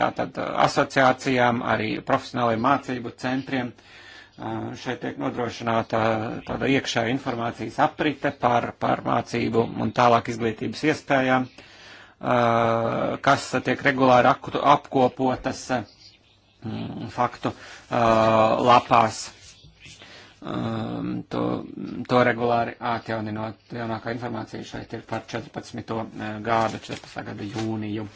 S3: tātad asociācijām, arī profesionāliem mācību centriem. Šeit tiek nodrošināta tāda iekšēja informācijas aprite par, par mācību un tālāk izglītības iespējām, kas tiek regulāri apkopotas mm, faktu lapās um, to, to regulāri atjauninot. Jaunākā informācija šeit ir par 14. gadu, 14. gada jūniju.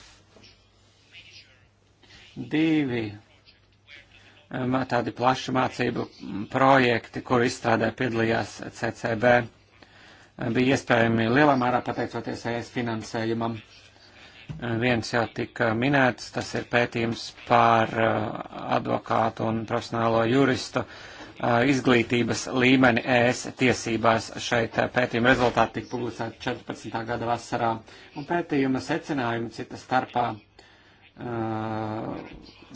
S3: Divi eh, tādi plaši mācību projekti, kuru izstrādē piedalījās CCB, eh, bija iespējami lielā mērā pateicoties ES finansējumam. Eh, viens jau tika minēts, tas ir pētījums par advokātu un profesionālo juristu uh, izglītības līmeni ES tiesībās. Šeit pētījuma rezultāti tika publicēti 14. gada vasarā, un pētījuma secinājumi cita starpā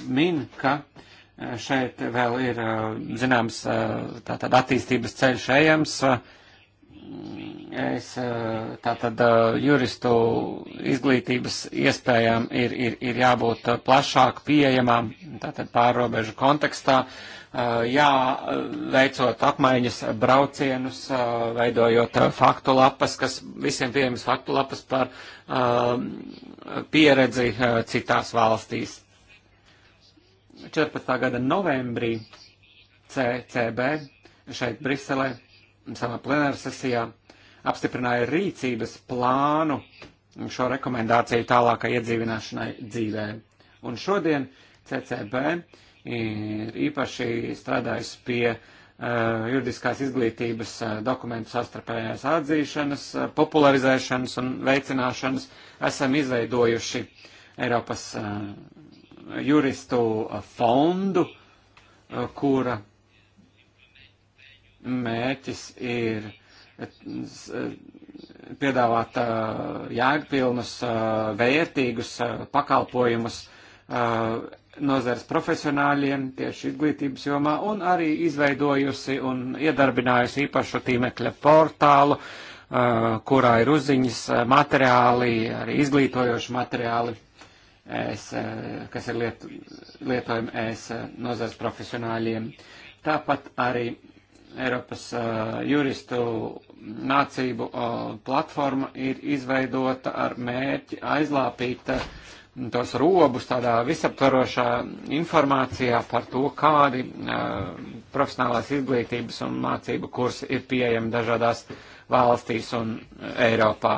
S3: min, ka šeit vēl ir zināms tātad attīstības ceļš ejams. Es tātad juristu izglītības iespējām ir, ir, ir jābūt plašāk pieejamām, tātad pārrobežu kontekstā. Uh, Eh, jā, veicot apmaiņas braucienus, eh, veidojot eh, faktu lapas, kas visiem pieejamas faktu lapas par pieredzi citās valstīs. 14. gada novembrī CCB šeit Briselē savā plenāra sesijā apstiprināja rīcības plānu šo rekomendāciju tālākai iedzīvināšanai dzīvē. Un šodien CCB uh, ir īpaši strādājis pie juridiskās izglītības dokumentu sastarpējās atzīšanas, popularizēšanas un veicināšanas. Esam izveidojuši Eiropas juristu fondu, kura mērķis ir piedāvāt jēgpilnus, vērtīgus pakalpojumus nozares profesionāļiem tieši izglītības jomā un arī izveidojusi un iedarbinājusi īpašu tīmekļa portālu, uh, kurā ir uzziņas uh, materiāli, arī izglītojoši materiāli, es, uh, kas ir liet, lietojami es nozares profesionāļiem. Tāpat arī Eiropas juristu mācību platforma ir izveidota ar mērķi aizlāpīt uh, tos robus tādā visaptvarošā informācijā par to, kādi uh, profesionālās izglītības un mācību kursi ir pieejami dažādās valstīs un Eiropā.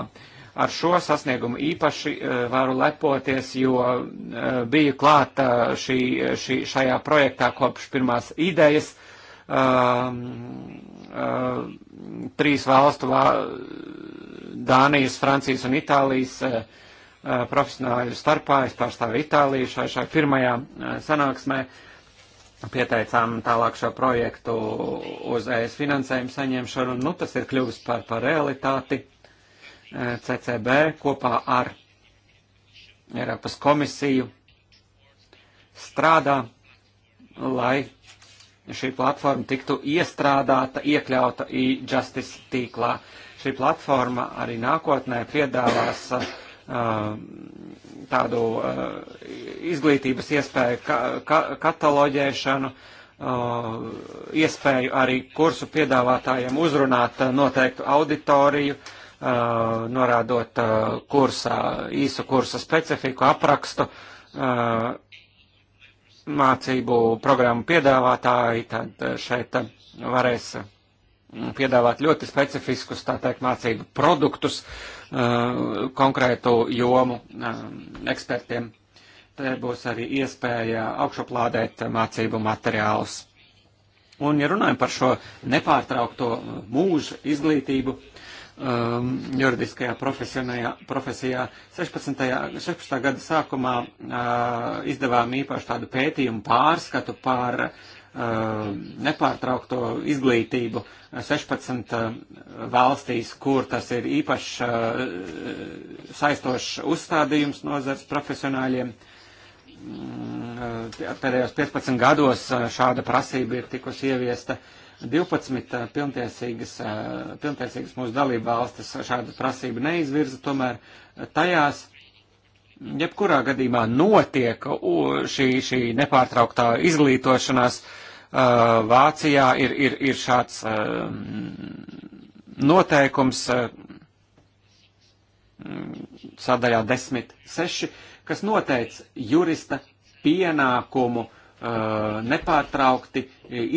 S3: Ar šo sasniegumu īpaši uh, varu lepoties, jo uh, biju klāta šī, šī, šajā projektā kopš pirmās idejas. Uh, uh, trīs valstu, vā, Dānijas, Francijas un Itālijas uh, Uh, profesionāļu starpā. Es pārstāvu Itāliju šai, šai pirmajā uh, sanāksmē. Pieteicām tālāk šo projektu uz ES finansējumu saņemšanu, un nu, tas ir kļuvis par, par realitāti. Uh, CCB kopā ar Eiropas komisiju strādā, lai šī platforma tiktu iestrādāta, iekļauta e-justice tīklā. Šī platforma arī nākotnē piedāvās uh, tādu izglītības iespēju ka, ka, kataloģēšanu, iespēju arī kursu piedāvātājiem uzrunāt noteiktu auditoriju, norādot kursā, īsu kursa specifiku, aprakstu, mācību programmu piedāvātāji, tad šeit varēs piedāvāt ļoti specifiskus, tā teikt, mācību produktus, uh, Uh, konkrētu jomu uh, ekspertiem. Te būs arī iespēja augšuplādēt mācību materiālus. Un, ja runājam par šo nepārtraukto mūža izglītību um, juridiskajā profesijā, 16. 16. gada sākumā uh, izdevām īpaši tādu pētījumu pārskatu par uh, Uh, nepārtraukto izglītību 16 uh, uh, valstīs, kur tas ir īpašs saistošs uzstādījums nozars profesionāļiem. Mm, pēdējos 15 gados šāda prasība ir tikusi ieviesta. 12 pilntiesīgas, pilntiesīgas mūsu dalība valstis šādu prasību neizvirza, tomēr tajās jebkurā gadījumā notiek šī, šī nepārtrauktā izglītošanās uh, Eh, Vācijā ir, ir, ir šāds eh, noteikums eh, sadaļā 10.6, kas noteica jurista pienākumu nepārtraukti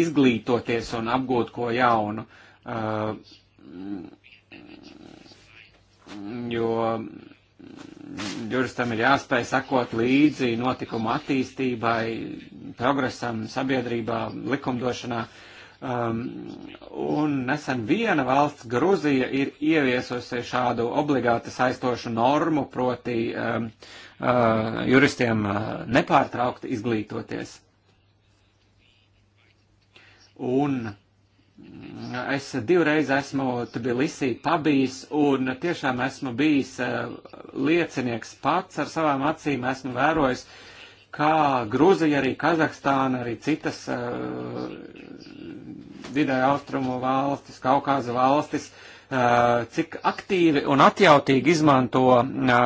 S3: izglītoties un apgūt ko jaunu. Jo juristam ir jāspēj sakot līdzi notikumu attīstībai, progresam sabiedrībā, likumdošanā. Um, un nesen viena valsts, Gruzija, ir ieviesusi šādu obligāti saistošu normu, proti um, uh, juristiem uh, nepārtraukti izglītoties. Un Es divreiz esmu Tbilisī pabijis un tiešām esmu bijis eh, liecinieks pats ar savām acīm, esmu vērojis, kā Gruzija, arī Kazahstāna, arī citas uh, eh, vidēja austrumu valstis, Kaukāza valstis, uh, cik aktīvi un atjautīgi izmanto uh,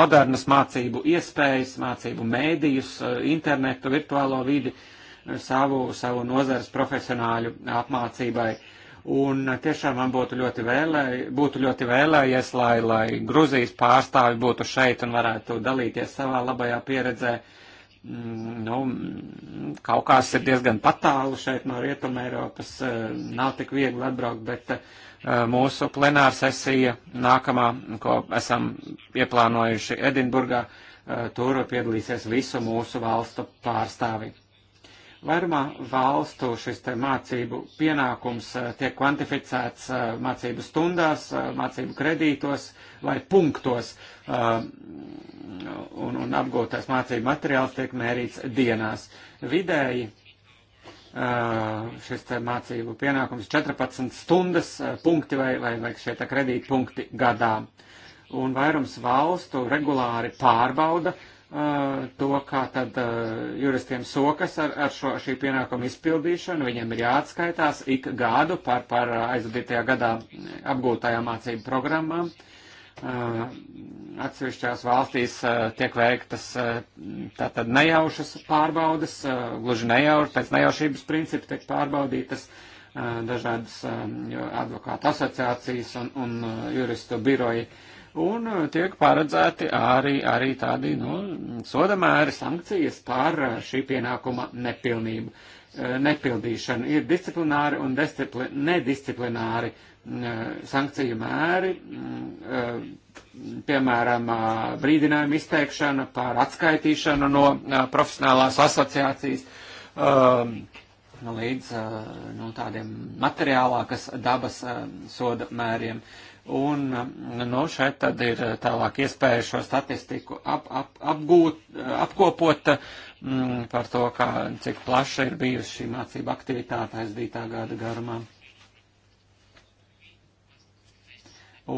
S3: modernas mācību iespējas, mācību mēdījus, internetu, virtuālo vidi. Uh, savu, savu nozares profesionāļu apmācībai. Un tiešām man būtu ļoti, vēlē, būtu ļoti vēlējies, lai, lai Gruzijas pārstāvi būtu šeit un varētu dalīties savā labajā pieredzē. Mm, nu, kaut kāds ir diezgan patālu šeit no Rietuma Eiropas, eh, nav tik viegli atbraukt, bet eh, mūsu plenāra sesija nākamā, ko esam ieplānojuši Edinburgā, eh, tur piedalīsies visu mūsu valstu pārstāvi. Vairumā valstu šis mācību pienākums eh, tiek kvantificēts eh, mācību stundās, eh, mācību kredītos vai punktos, un, un apgūtais mācību materiāls tiek mērīts dienās. Vidēji šis mācību pienākums 14 stundas punkti vai, vai, vai šie kredītpunkti gadā. Un vairums valstu regulāri pārbauda, uh, Uh, to, kā tad uh, juristiem sokas ar, ar šo, šī pienākuma izpildīšanu. Viņiem ir jāatskaitās ik gadu par, par aizvadītajā gadā apgūtajām mācību programmām. Uh, atsevišķās valstīs tiek veiktas tātad nejaušas pārbaudas, gluži nejauši, pēc nejaušības principa tiek pārbaudītas dažādas um, advokātu asociācijas un, un juristu biroji Un uh, tiek paredzēti arī, arī tādi nu, sodamēri sankcijas par uh, šī pienākuma nepilnību, uh, nepildīšanu. Ir disciplināri un discipli, nedisciplināri mm, sankciju mēri, mm, piemēram, brīdinājumu izteikšana par atskaitīšanu no profesionālās asociācijas um, līdz nu, tādiem materiālākas dabas soda mēriem. Un mm, nu, šeit tad ir eh, tālāk iespēja šo statistiku ap, ap, apgūt, eh, apkopot m, mm, par to, kā, cik plaša ir bijusi šī mācība aktivitāte aizdītā gada garumā.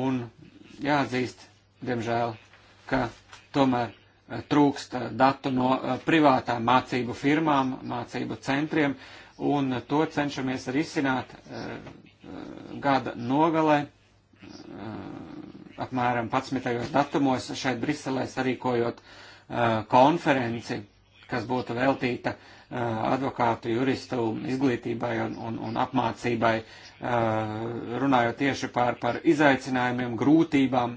S3: Un jāatzīst, diemžēl, ka tomēr eh, trūkst datu no privātām mācību firmām, mācību centriem, un to cenšamies risināt gada nogalē Eh, apmēram 11. datumos šeit Briselē sarīkojot eh, konferenci, kas būtu veltīta eh, advokātu, juristu izglītībai un, un, un apmācībai, runājot tieši par, par izaicinājumiem, grūtībām,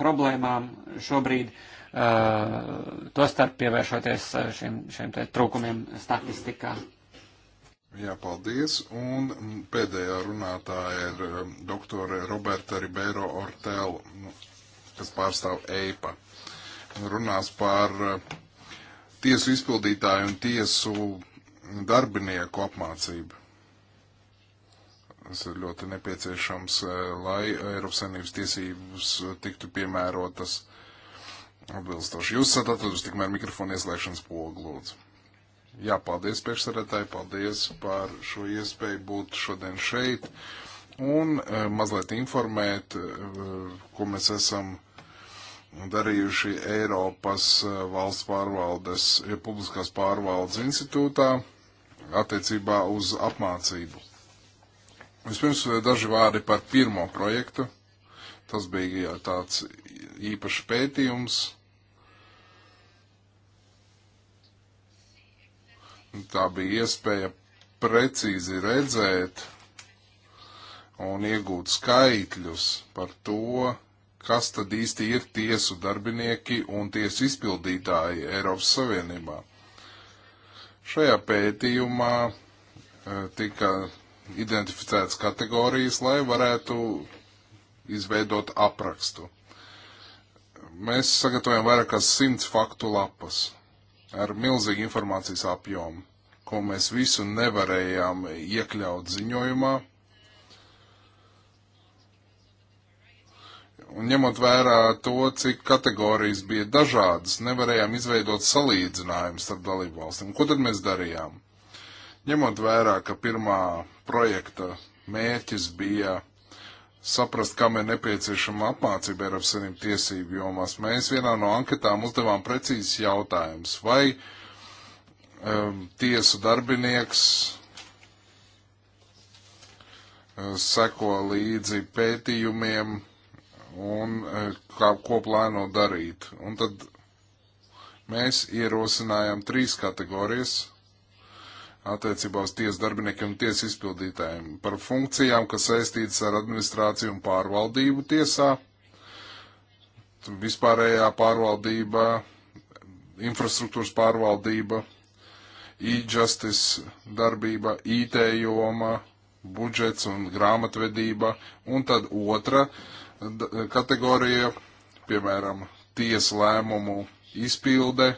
S3: problēmām šobrīd, tostarp pievēršoties šiem, šiem trūkumiem statistikā.
S2: Jā, paldies. Un pēdējā runātāja ir um, doktore Roberta Ribeiro Ortel, nu, kas pārstāv EIPA. Runās par uh, tiesu izpildītāju un tiesu darbinieku apmācību. Tas ir ļoti nepieciešams, uh, lai Eiropas Savienības tiesības tiktu piemērotas atbilstoši. Jūs esat atradusi tikmēr mikrofonu ieslēgšanas pogu, lūdzu. Jā, paldies priekšsarētāji, paldies par šo iespēju būt šodien šeit un eh, mazliet informēt, eh, ko mēs esam darījuši Eiropas eh, valsts pārvaldes, publiskās pārvaldes institūtā attiecībā uz apmācību. Vispirms daži vārdi par pirmo projektu. Tas bija tāds īpašs pētījums, Tā bija iespēja precīzi redzēt un iegūt skaitļus par to, kas tad īsti ir tiesu darbinieki un tiesu izpildītāji Eiropas Savienībā. Šajā pētījumā eh, tika identificētas kategorijas, lai varētu izveidot aprakstu. Mēs sagatavojam vairāk kā simts faktu lapas ar milzīgu informācijas apjomu, ko mēs visu nevarējām iekļaut ziņojumā. Un ņemot vērā to, cik kategorijas bija dažādas, nevarējām izveidot salīdzinājumu starp dalību valstīm. Ko tad mēs darījām? Ņemot vērā, ka pirmā projekta mērķis bija saprast, kam ir nepieciešama apmācība Eiropas Savienības tiesību jomās. Mēs vienā no anketām uzdevām precīzes jautājumus, vai um, tiesu darbinieks uh, seko līdzi pētījumiem un uh, kā, ko plāno darīt. Un tad mēs ierosinājām trīs kategorijas attiecībā uz tiesu darbiniekiem un tiesu izpildītājiem par funkcijām, kas saistītas ar administrāciju un pārvaldību tiesā, vispārējā pārvaldība, infrastruktūras pārvaldība, e-justice darbība, IT joma, budžets un grāmatvedība, un tad otra kategorija, piemēram, tiesa lēmumu izpilde,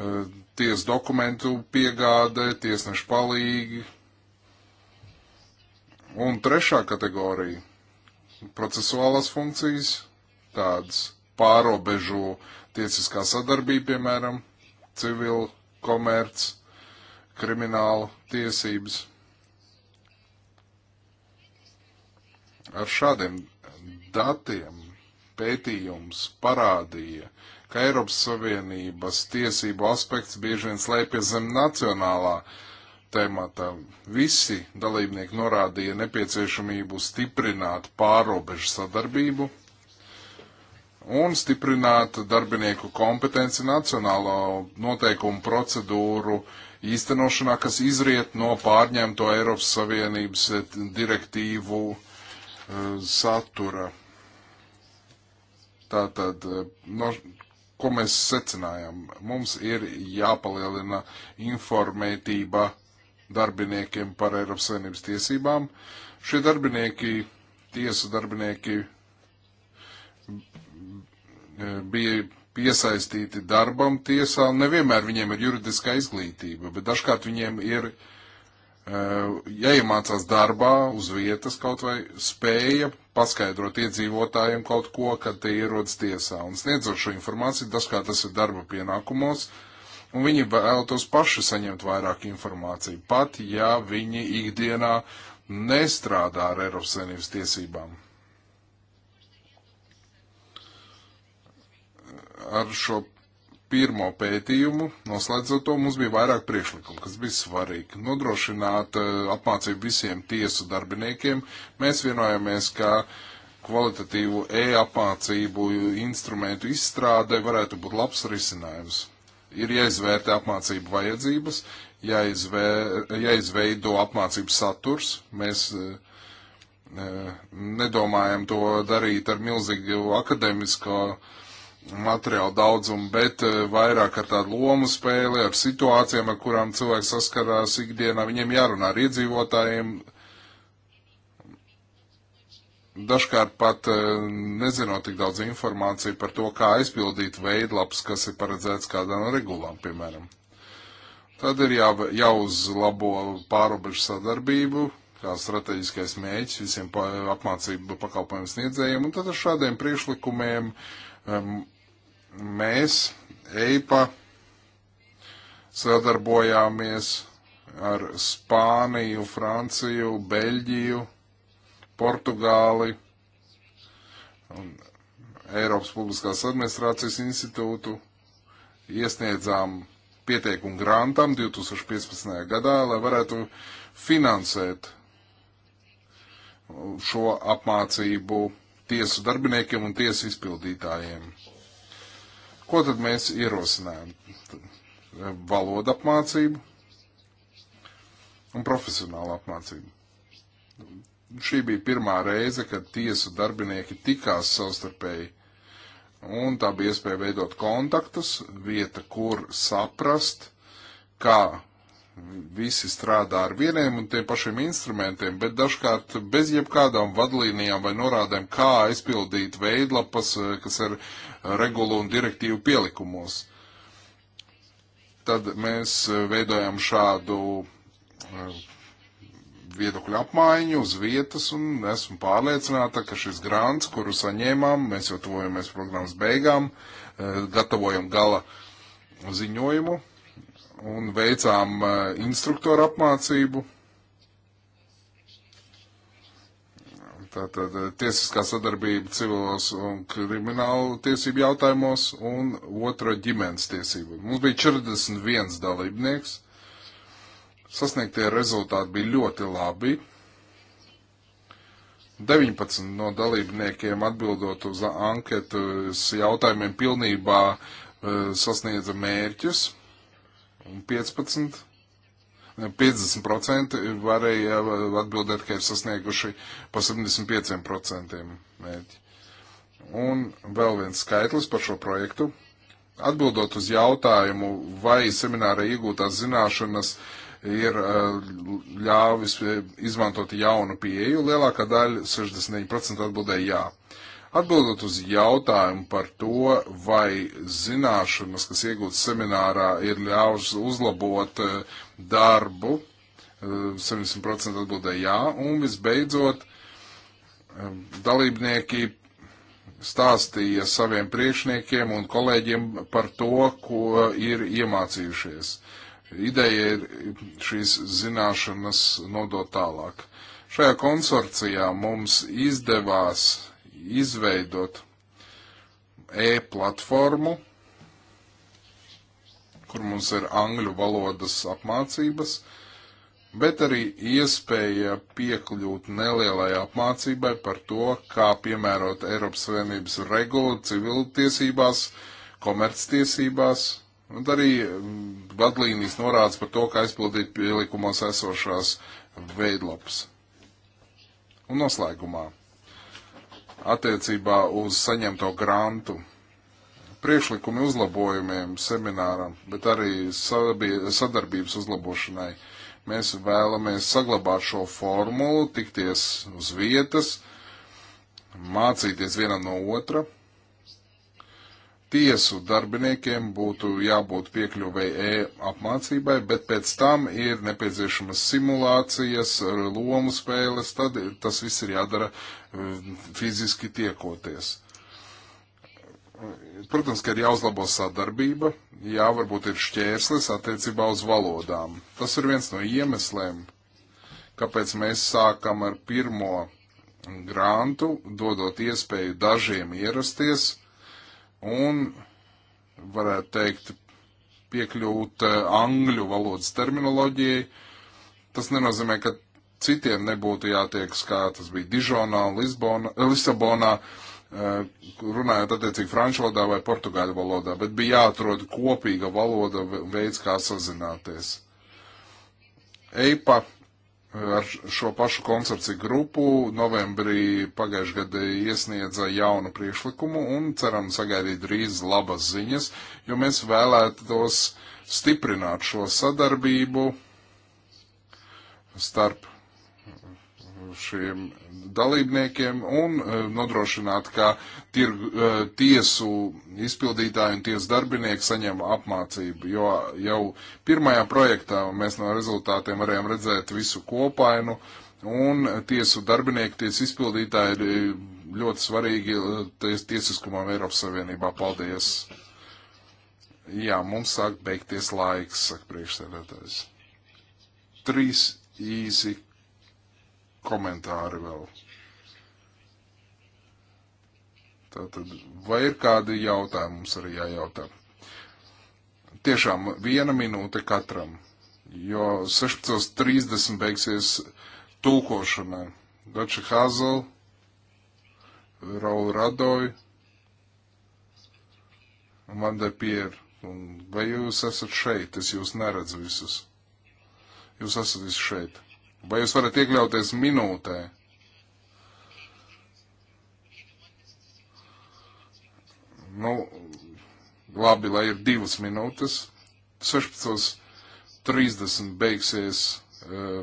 S2: Eh, ties dokumentu piegāde, tiesnešu palīgi. Un trešā kategorija - procesuālās funkcijas, tādas pārobežu tiesiskā sadarbība, piemēram, civila, komerc, krimināla tiesības. Ar šādiem datiem pētījums parādīja, ka Eiropas Savienības tiesību aspekts bieži vien slēpjas zem nacionālā temata. Visi dalībnieki norādīja nepieciešamību stiprināt pārobežu sadarbību un stiprināt darbinieku kompetenci nacionālo noteikumu procedūru īstenošanā, kas izriet no pārņemto Eiropas Savienības direktīvu eh, satura. Tātad eh, ko mēs secinājām? Mums ir jāpalielina informētība darbiniekiem par Eiropas Savienības tiesībām. Šie darbinieki, tiesu darbinieki, bija piesaistīti darbam tiesā. Nevienmēr viņiem ir juridiskā izglītība, bet dažkārt viņiem ir uh, jāiemācās darbā uz vietas kaut vai spēja paskaidrot iedzīvotājiem kaut ko, kad tie ierodas tiesā un sniedzot šo informāciju, tas kā tas ir darba pienākumos, un viņi vēlētos paši saņemt vairāk informāciju, pat ja viņi ikdienā nestrādā ar Eiropas Savienības tiesībām. Ar šo pirmo pētījumu, noslēdzot to, mums bija vairāk priekšlikumu, kas bija svarīgi. Nodrošināt eh, apmācību visiem tiesu darbiniekiem. Mēs vienojāmies, ka kvalitatīvu e-apmācību instrumentu izstrāde varētu būt labs risinājums. Ir jāizvērtē apmācību vajadzības, jāizvē, jāizveido apmācības saturs. Mēs eh, eh, nedomājam to darīt ar milzīgu akadēmisko uh, materiālu daudzumu, bet eh, vairāk ar tādu lomu spēli, ar situācijām, ar kurām cilvēks saskarās ikdienā. Viņiem jārunā ar iedzīvotājiem. Dažkārt pat eh, nezinot tik daudz informāciju par to, kā aizpildīt veidlaps, kas ir paredzēts kādā no regulām, piemēram. Tad ir jā, jāuzlabo pārobežu sadarbību, kā strateģiskais mēģis visiem pa, apmācību pakalpojumu sniedzējiem, un tad ar šādiem priekšlikumiem um, Mēs, EIPA, sadarbojāmies ar Spāniju, Franciju, Beļģiju, Portugāli un Eiropas Publiskās administrācijas institūtu. Iesniedzām pieteikumu grantam 2015. gadā, lai varētu finansēt šo apmācību tiesu darbiniekiem un tiesu izpildītājiem. Ko tad mēs ierosinājam? Valoda apmācību un profesionāla apmācību. Šī bija pirmā reize, kad tiesu darbinieki tikās savstarpēji, un tā bija iespēja veidot kontaktus, vieta, kur saprast, kā visi strādā ar vieniem un tiem pašiem instrumentiem, bet dažkārt bez jebkādām vadlīnijām vai norādēm, kā aizpildīt veidlapas, eh, kas ir regulu un direktīvu pielikumos. Tad mēs eh, veidojam šādu eh, viedokļu apmaiņu uz vietas un esmu pārliecināta, ka šis grants, kuru saņēmām, mēs jau tuvojamies programmas beigām, gatavojam gala ziņojumu un veicām eh, instruktoru apmācību. Tātad eh, tiesiskā sadarbība civilos un kriminālu tiesību jautājumos un otra ģimenes tiesību. Mums bija 41 dalībnieks. Sasniegtie rezultāti bija ļoti labi. 19 no dalībniekiem atbildot uz anketas jautājumiem pilnībā eh, sasniedza mērķus un 15. 50% varēja atbildēt, ka ir sasnieguši pa 75% mērķi. Un vēl viens skaitlis par šo projektu. Atbildot uz jautājumu, vai seminārā iegūtās zināšanas ir eh, ļāvis eh, izmantot jaunu pieeju, lielākā daļa, 69% atbildēja jā. Atbildot uz jautājumu par to, vai zināšanas, kas iegūtas seminārā, ir ļāvušas uzlabot eh, darbu, 70% eh, atbildēja jā, un visbeidzot, eh, dalībnieki stāstīja saviem priekšniekiem un kolēģiem par to, ko ir iemācījušies. Ideja ir šīs zināšanas nodot tālāk. Šajā konsorcijā mums izdevās izveidot e-platformu, kur mums ir angļu valodas apmācības, bet arī iespēja piekļūt nelielai apmācībai par to, kā piemērot Eiropas Savienības regulu civiltiesībās, komerctiesībās, un arī mm, vadlīnijas norādes par to, kā aizpildīt pielikumos esošās veidlapas. Un noslēgumā attiecībā uz saņemto grantu. Priekšlikumi uzlabojumiem semināram, bet arī sadarbības uzlabošanai. Mēs vēlamies saglabāt šo formulu, tikties uz vietas, mācīties vienam no otra tiesu darbiniekiem būtu jābūt piekļuvēji e-apmācībai, bet pēc tam ir nepieciešamas simulācijas, lomu spēles, tad tas viss ir jādara mm, fiziski tiekoties. Protams, ka ir jāuzlabo sadarbība, jā, varbūt ir šķērslis attiecībā uz valodām. Tas ir viens no iemesliem, kāpēc mēs sākam ar pirmo grantu, dodot iespēju dažiem ierasties un, varētu teikt, piekļūt eh, angļu valodas terminoloģijai. Tas nenozīmē, ka citiem nebūtu jātiekas, kā tas bija Dižonā, Lisbona, eh, Lisabonā, eh, runājot attiecīgi franču valodā vai portugāļu valodā, bet bija jāatrod kopīga valoda veids, kā sazināties. EIPA ar šo pašu koncepciju grupu novembrī pagājušajā gadā iesniedza jaunu priekšlikumu un ceram sagaidīt drīz labas ziņas, jo mēs vēlētos stiprināt šo sadarbību starp šiem dalībniekiem un e, nodrošināt, ka tirgu, e, tiesu izpildītāji un tiesu darbinieki saņem apmācību, jo jau pirmajā projektā mēs no rezultātiem varējām redzēt visu kopainu un tiesu darbinieki, tiesu izpildītāji ir e, ļoti svarīgi ties, tiesiskumam Eiropas Savienībā. Paldies! Jā, mums sāk beigties laiks, saka priekšsēdētājs. Trīs īsi komentāri vēl. Tātad, vai ir kādi jautājumi mums arī jājautā? Tiešām viena minūte katram, jo 16.30 beigsies tulkošanai. Dača Hazel, Raul Radoj, Amanda Pier. Un vai jūs esat šeit? Es jūs neredzu visus. Jūs esat visi šeit. Vai jūs varat iekļauties minūtē? Nu, labi, lai ir divas minūtes. 16.30 beigsies uh,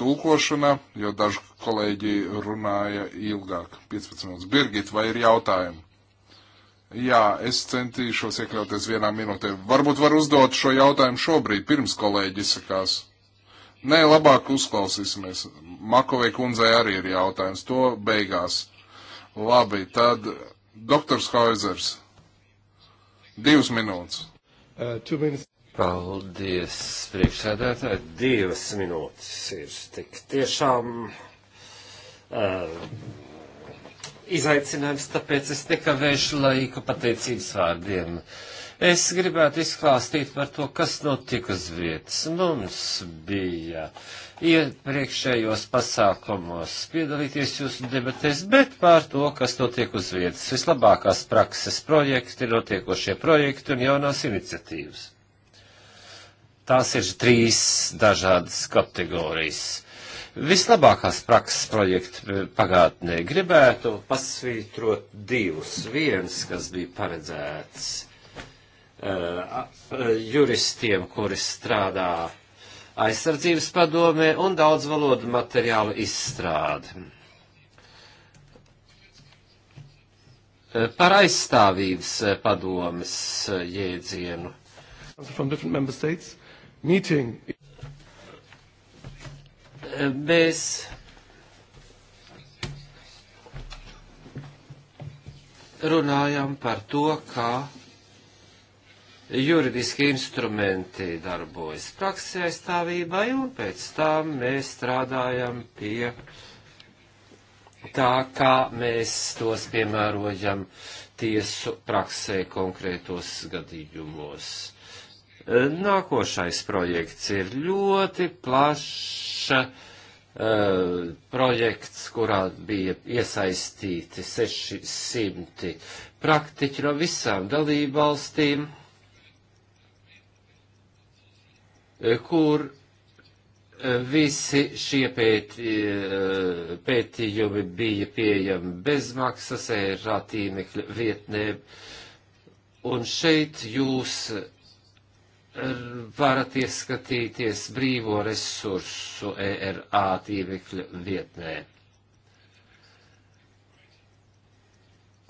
S2: tulkošana, jo daži kolēģi runāja ilgāk, 15 minūtes. Birgit, vai ir jautājumi? Jā, es centīšos iekļauties vienā minūtē. Varbūt var uzdot šo jautājumu šobrīd, pirms kolēģi izsakās. Nē, labāk uzklausīsimies. Makovei kundzei arī ir jautājums. To beigās. Labi, tad doktors Haizers. Divas minūtes.
S3: Uh,
S1: Paldies, priekšsēdētāji. Divas minūtes ir tik tiešām uh, izaicinājums, tāpēc es nekavēšu laiku pateicības vārdiem. Uh, Es gribētu izklāstīt par to, kas notika uz vietas. Mums bija iepriekšējos pasākumos piedalīties jūsu debatēs, bet pār to, kas notiek uz vietas. Vislabākās prakses projekti, notiekošie projekti un jaunās iniciatīvas. Tās ir trīs dažādas kategorijas vislabākās prakses projekta pagātnē gribētu pasvītrot divus. Viens, kas bija paredzēts Uh, juristiem, kuri strādā aizsardzības padomē un daudz valodu materiālu izstrādi. Uh, par aizstāvības uh, padomes jēdzienu. Mēs runājam par to, kā ka juridiski instrumenti darbojas praksē aizstāvībai, un pēc tam mēs strādājam pie tā, kā mēs tos piemērojam tiesu praksē konkrētos gadījumos. Nākošais projekts ir ļoti plaša. Uh, eh, projekts, kurā bija iesaistīti 600 praktiķi no visām dalībvalstīm. valstīm kur eh, visi šie pēti, eh, pētījumi bija pieejami bezmaksas ērā tīmekļa vietnē. Un šeit jūs eh, varat ieskatīties brīvo resursu ERA tīmekļa vietnē,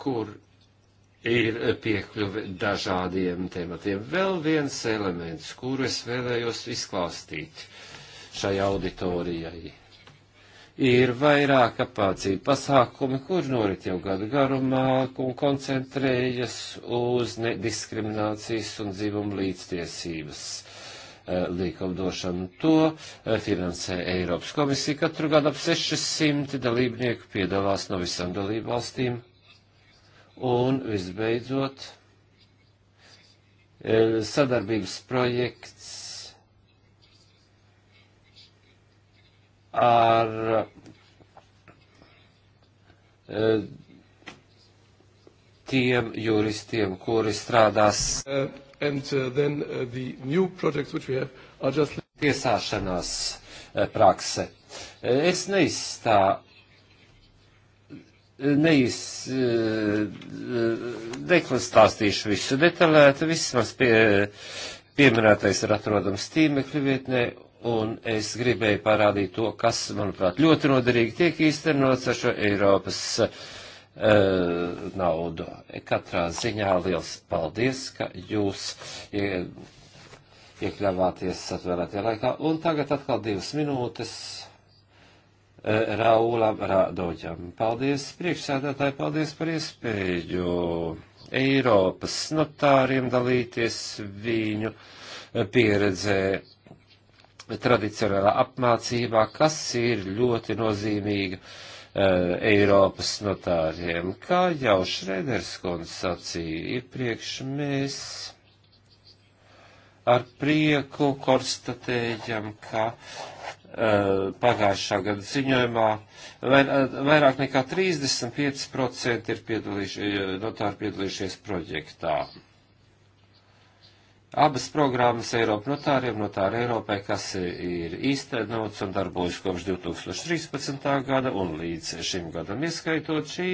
S1: kur ir piekļuve dažādiem tematiem. Vēl viens elements, kuru es vēlējos izklāstīt šai auditorijai, ir vairāk apācību pasākumi, kur norit jau gadu garumā un koncentrējas uz nediskriminācijas un dzimumu līdztiesības eh, likumdošanu. To eh, finansē Eiropas komisija. Katru gadu ap 600 dalībnieku piedalās no visām dalību valstīm Un visbeidzot, e, sadarbības projekts ar e, tiem juristiem, kuri strādās.
S2: Uh, and, uh, then, uh, the new projects which we have
S1: are just... Tiesāšanās e, prakse. Es neizstāju neiz, eh, neklastāstīšu visu detalētu, viss mans pie, pieminētais ir atrodams tīmekļu vietnē, un es gribēju parādīt to, kas, manuprāt, ļoti noderīgi tiek īstenots ar šo Eiropas uh, naudu. Katrā ziņā liels paldies, ka jūs ie, iekļāvāties atvēlētajā laikā, un tagad atkal divas minūtes. Eh, Raulam Rādoģam. Paldies, priekšsēdētāji, paldies par iespēju Eiropas notāriem dalīties viņu eh, pieredzē tradicionālā apmācībā, kas ir ļoti nozīmīga uh, Eiropas notāriem. Kā jau Šrederskons sacīja, iepriekš mēs ar prieku konstatējam, ka Eh, pagājušā gada ziņojumā eh, vairāk nekā 35% ir piedalījuši, eh, notāri piedalījušies projektā. Abas programmas Eiropa notāriem, notāri Eiropai, kas ir īstenots un darbojas kopš 2013. gada un līdz šim gadam ieskaitot šī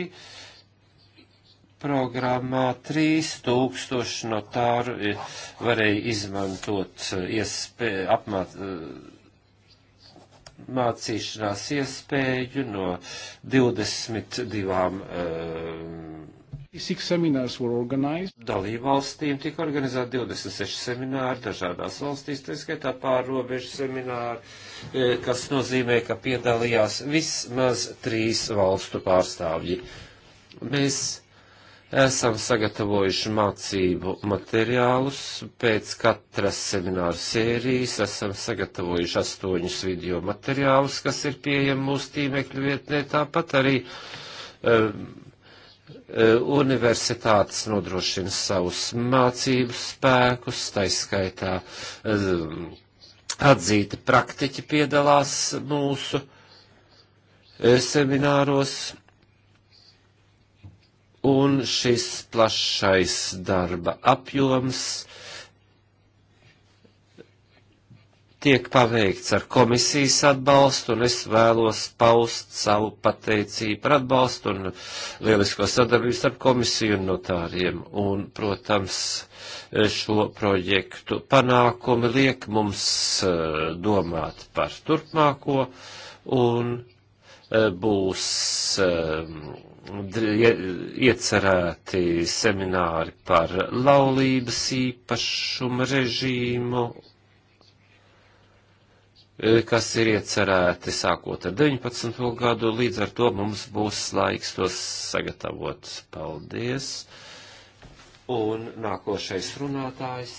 S1: programmā 3000 notāru varēja izmantot iespēju apmāt mācīšanās iespēju no 22 um, ehm, dalībvalstīm. Tika organizēti 26 semināri dažādās valstīs, tā skaitā pārrobežu semināri, e, kas nozīmē, ka piedalījās vismaz trīs valstu pārstāvji. Mēs Esam sagatavojuši mācību materiālus pēc katras semināru sērijas, esam sagatavojuši astoņus video materiālus, kas ir pieejami mūsu tīmekļu vietnē, tāpat arī um, uh, universitātes nodrošina savus mācību spēkus, taiskaitā um, atzīti praktiķi piedalās mūsu eh, semināros un šis plašais darba apjoms tiek paveikts ar komisijas atbalstu, un es vēlos paust savu pateicību par atbalstu un lielisko sadarbību starp komisiju un notāriem. Un, protams, šo projektu panākumi liek mums eh, domāt par turpmāko, un eh, būs eh, iecerēti semināri par laulības īpašumu režīmu, e, kas ir iecerēti sākot ar 19. gadu, līdz ar to mums būs laiks tos sagatavot. Paldies! Un nākošais runātājs.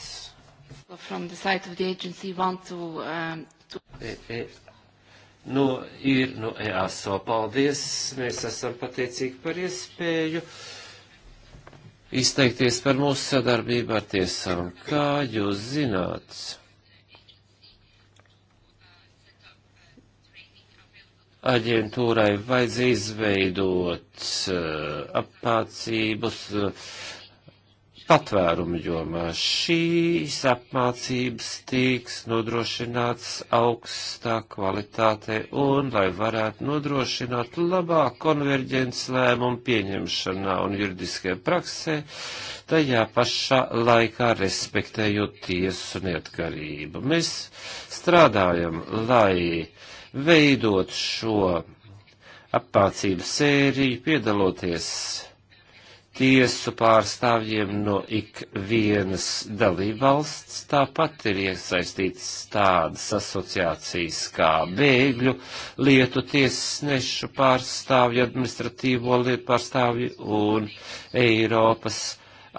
S3: From the side of the agency want to, um,
S1: to... E, e, no, nu, ir no nu, EASO. Paldies! Mēs esam pateicīgi par
S3: iespēju
S1: izteikties par mūsu sadarbību ar tiesām. Kā jūs zināt? Aģentūrai vajadzēja izveidot uh, apmācības, uh, patvērumu jomā. Šīs apmācības tiks nodrošināts augstā kvalitāte un lai varētu nodrošināt labā konverģents lēmumu pieņemšanā un juridiskajā praksē, tajā pašā laikā respektējot tiesu neatkarību. Mēs strādājam, lai veidot šo apmācību sēriju, piedaloties tiesu pārstāvjiem no ikvienas dalībvalsts. Tāpat ir iesaistītas tādas asociācijas kā bēgļu lietu tiesnešu pārstāvju, administratīvo lietu pārstāvju un Eiropas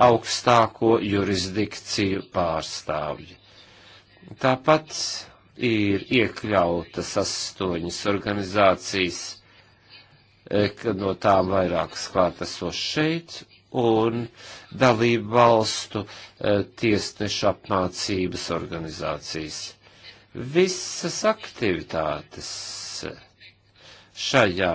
S1: augstāko jurisdikciju pārstāvju. Tāpat ir iekļautas astoņas organizācijas, eh, no tām vairākas klātesošas šeit, un dalību valstu eh, tiesnešu apmācības organizācijas. Visas aktivitātes šajā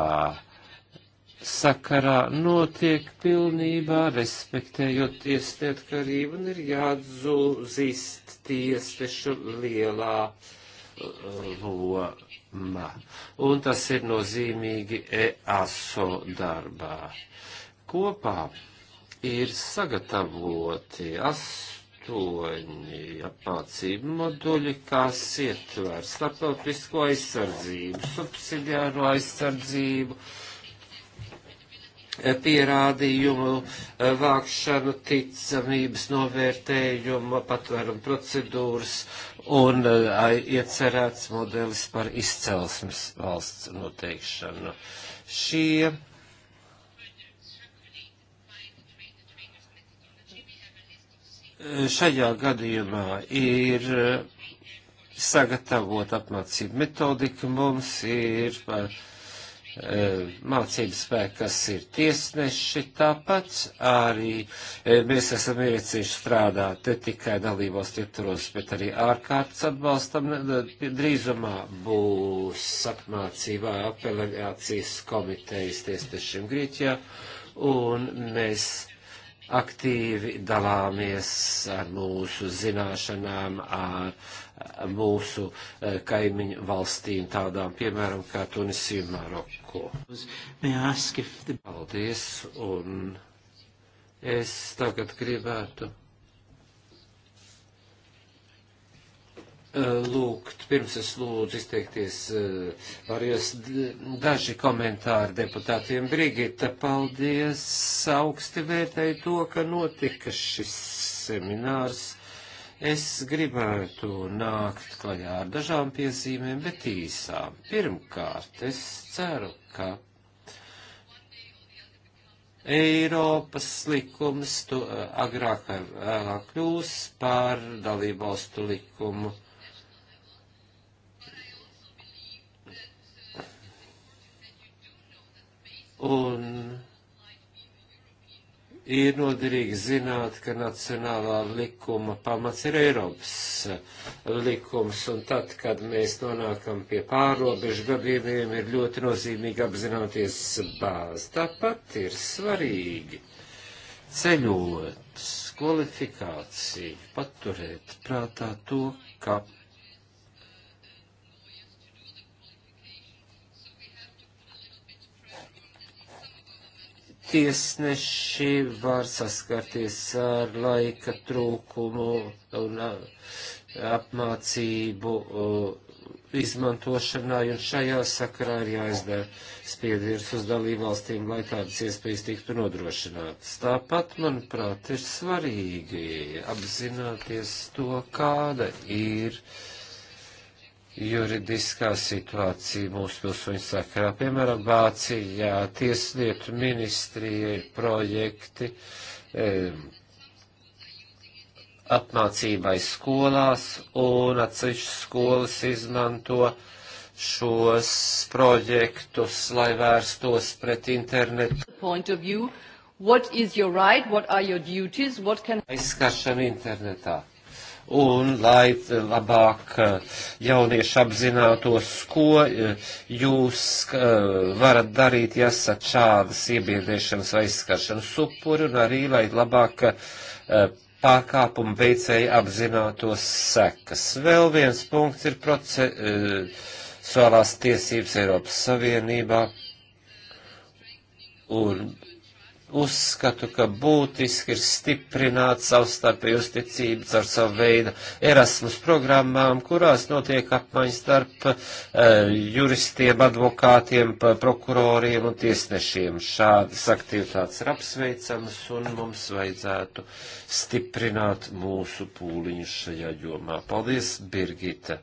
S1: sakarā notiek pilnībā respektējot tiesnetkarību un ir jāatzīst tiesnešu lielā eh, loma. Un tas ir nozīmīgi EASO darbā. Kopā ir sagatavoti astoņi apmācību moduļi, kas ietver starptautisko aizsardzību, subsidiāro aizsardzību, pierādījumu vākšanu, ticamības novērtējumu, patvērumu procedūras un iecerēts modelis par izcelsmes valsts noteikšanu. Šie šajā gadījumā ir eh, sagatavot apmācību metodiku, mums ir eh, mācības spēki, kas ir tiesneši, tāpat arī eh, mēs esam iecīši strādāt ne tikai dalībos titulos, bet arī ārkārtas atbalstam. Drīzumā būs apmācībā apelācijas komitejas tiesnešiem Grieķijā, un mēs aktīvi dalāmies ar mūsu zināšanām, ar mūsu eh, kaimiņu valstīm, tādām piemēram kā Tunisija un Maroko. Paldies, un es tagad gribētu Eh, lūgt, pirms es lūdzu izteikties, eh, var jūs daži komentāri deputātiem. Brigita, paldies, augsti vērtēju to, ka notika šis seminārs. Es gribētu nākt klajā ar dažām piezīmēm, bet īsām. Pirmkārt, es ceru, ka Eiropas likums tu, eh, agrāk vai vēlāk kļūs par dalībvalstu likumu Un ir noderīgi zināt, ka nacionālā likuma pamats ir Eiropas likums, un tad, kad mēs nonākam pie pārobežu gadījumiem, ir ļoti nozīmīgi apzināties bāzi. Tāpat ir svarīgi ceļot, kvalifikāciju, paturēt prātā to, ka tiesneši var saskarties ar laika trūkumu un uh, apmācību uh, izmantošanai, un šajā sakarā ir jāizdara spiediens uz dalībvalstīm, lai tādas iespējas tiktu nodrošinātas. Tāpat, manuprāt, ir svarīgi apzināties to, kāda ir uh, juridiskā situācija mūsu pilsoņu sakarā. Piemēram, Vācijā tieslietu ministrija ir projekti e, apmācībai skolās, un atsevišķas skolas izmanto šos projektus, lai vērstos pret internetu.
S2: Aizskaršana
S1: right? can... internetā un lai labāk eh, jaunieši apzinātos, ko eh, jūs eh, varat darīt, ja esat šādas iebiedēšanas vai skaršanas upuri, un arī lai labāk pārkāpumu veicēji apzinātos sekas. Vēl viens punkts ir procesuālās tiesības Eiropas Savienībā. Un uzskatu, ka būtiski ir stiprināt savstarpēju uzticību ar savu veidu Erasmus programmām, kurās notiek apmaiņas starp e, juristiem, advokātiem, prokuroriem un tiesnešiem. Šādas aktivitātes ir apsveicamas un mums vajadzētu stiprināt mūsu pūliņu šajā jomā. Paldies, Birgita!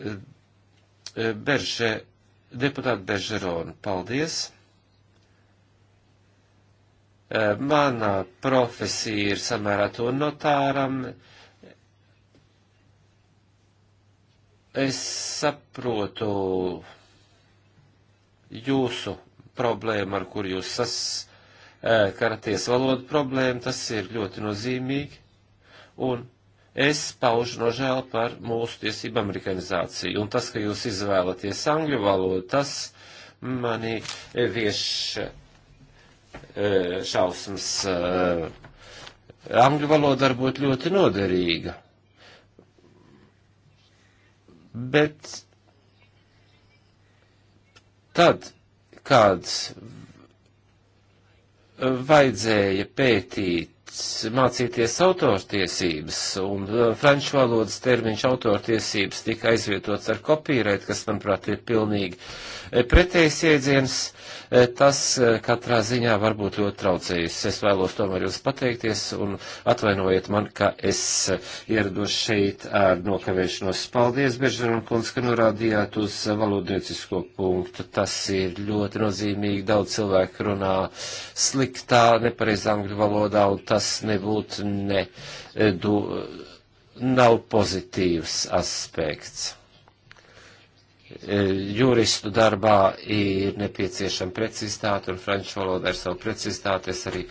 S1: Uh, Berže, deputāti Bežeronu, paldies! Eh, Manā profesija ir samērā to notāram. Es saprotu jūsu problēmu, ar kur jūs saskaraties eh, valodu problēmu, tas ir ļoti nozīmīgi. Un Es paužu nožēlu par mūsu tiesību amerikanizāciju, un tas, ka jūs izvēlaties angļu valodu, tas mani vieš e, šausmas. E, angļu valoda var būt ļoti noderīga, bet tad, kad vajadzēja pētīt mācīties autortiesības, un uh, franču valodas termiņš autortiesības tika aizvietots ar kopīrēt, kas, manuprāt, ir pilnīgi eh, pretējs iedziens. Eh, tas eh, katrā ziņā varbūt ļoti traucējis. Es vēlos tomēr jums pateikties un atvainojiet man, ka es ierados šeit ar nokavēšanos. Paldies, Bežanam Kunds, ka norādījāt uz valodniecisko punktu. Tas ir ļoti nozīmīgi. Daudz cilvēku runā sliktā, nepareizā angļu valodā, un tas tas nebūtu ne, du, nav pozitīvs aspekts. E, juristu darbā ir nepieciešama precizitāte, un franču valoda ir savu precizitāti. Es arī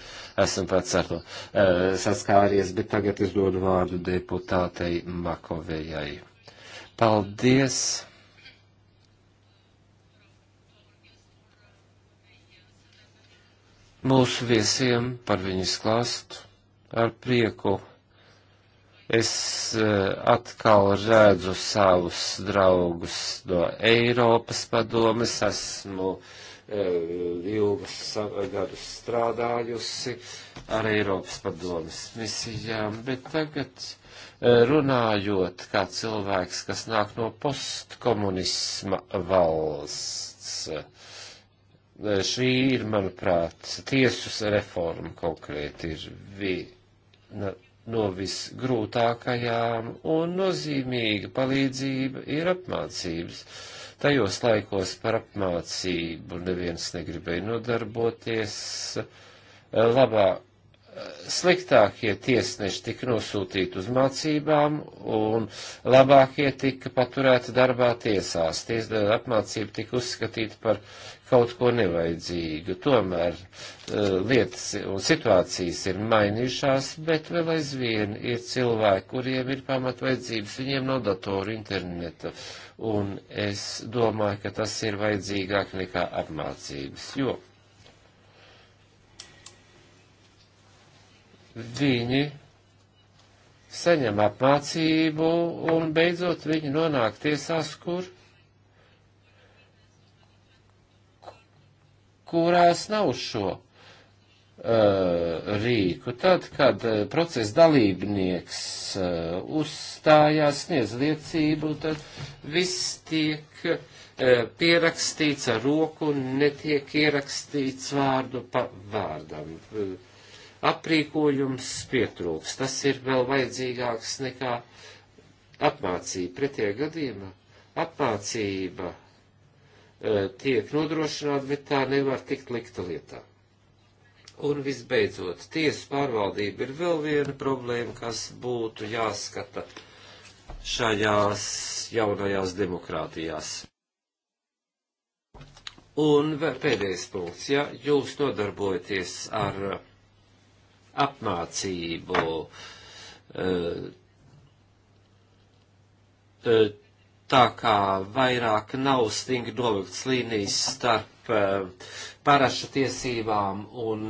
S1: esmu pats ar to e, saskāries, bet tagad es dodu vārdu deputātei Makovējai. Paldies! mūsu viesiem par viņu sklāstu ar prieku. Es e, atkal redzu savus draugus no Eiropas padomes, esmu e, ilgus gadus strādājusi ar Eiropas padomes misijām, bet tagad e, runājot kā cilvēks, kas nāk no postkomunisma valsts šī ir, manuprāt, tiesus reforma konkrēti ir viena no visgrūtākajām un nozīmīga palīdzība ir apmācības. Tajos laikos par apmācību neviens negribēja nodarboties. Labā, sliktākie tiesneši tika nosūtīti uz mācībām un labākie tika paturēti darbā tiesās. Ties, apmācība tika uzskatīta par kaut ko nevajadzīgu. Tomēr uh, lietas un situācijas ir mainījušās, bet vēl aizvien ir cilvēki, kuriem ir pamatvajadzības, viņiem nav datoru interneta. Un es domāju, ka tas ir vajadzīgāk nekā apmācības, jo viņi saņem apmācību un beidzot viņi nonāk tiesās, kur kurās nav šo eh, rīku. Tad, kad eh, procesa dalībnieks eh, uzstājās, sniedz liecību, tad viss tiek pierakstīts ar roku un netiek ierakstīts vārdu pa vārdam. Aprīkojums pietrūks. Tas ir vēl vajadzīgāks nekā apmācība. Pretie gadījumā apmācība Eh, tiek nodrošināta, bet tā nevar tikt likta lietā. Un visbeidzot, tiesu pārvaldība ir vēl viena problēma, kas būtu jāskata šajās jaunajās demokrātijās. Un pēdējais punkts, ja jūs nodarbojaties ar apmācību, uh, uh, tā kā vairāk nav stingri novilkts līnijas starp uh, eh, parašu tiesībām un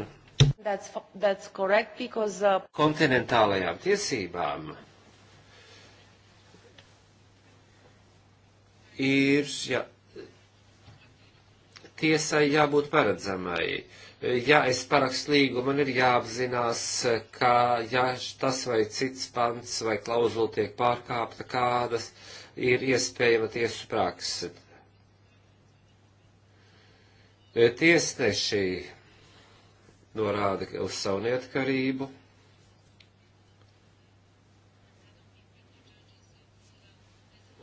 S1: that's, that's correct, because, uh... kontinentālajām tiesībām, ir ja, tiesai jābūt paredzamai. Ja es parakstu līgumu, man ir jāapzinās, ka ja tas vai cits pants vai klauzula tiek pārkāpta, kādas uh, ir iespējama tiesu prakse. E, tiesneši norāda uz savu neatkarību.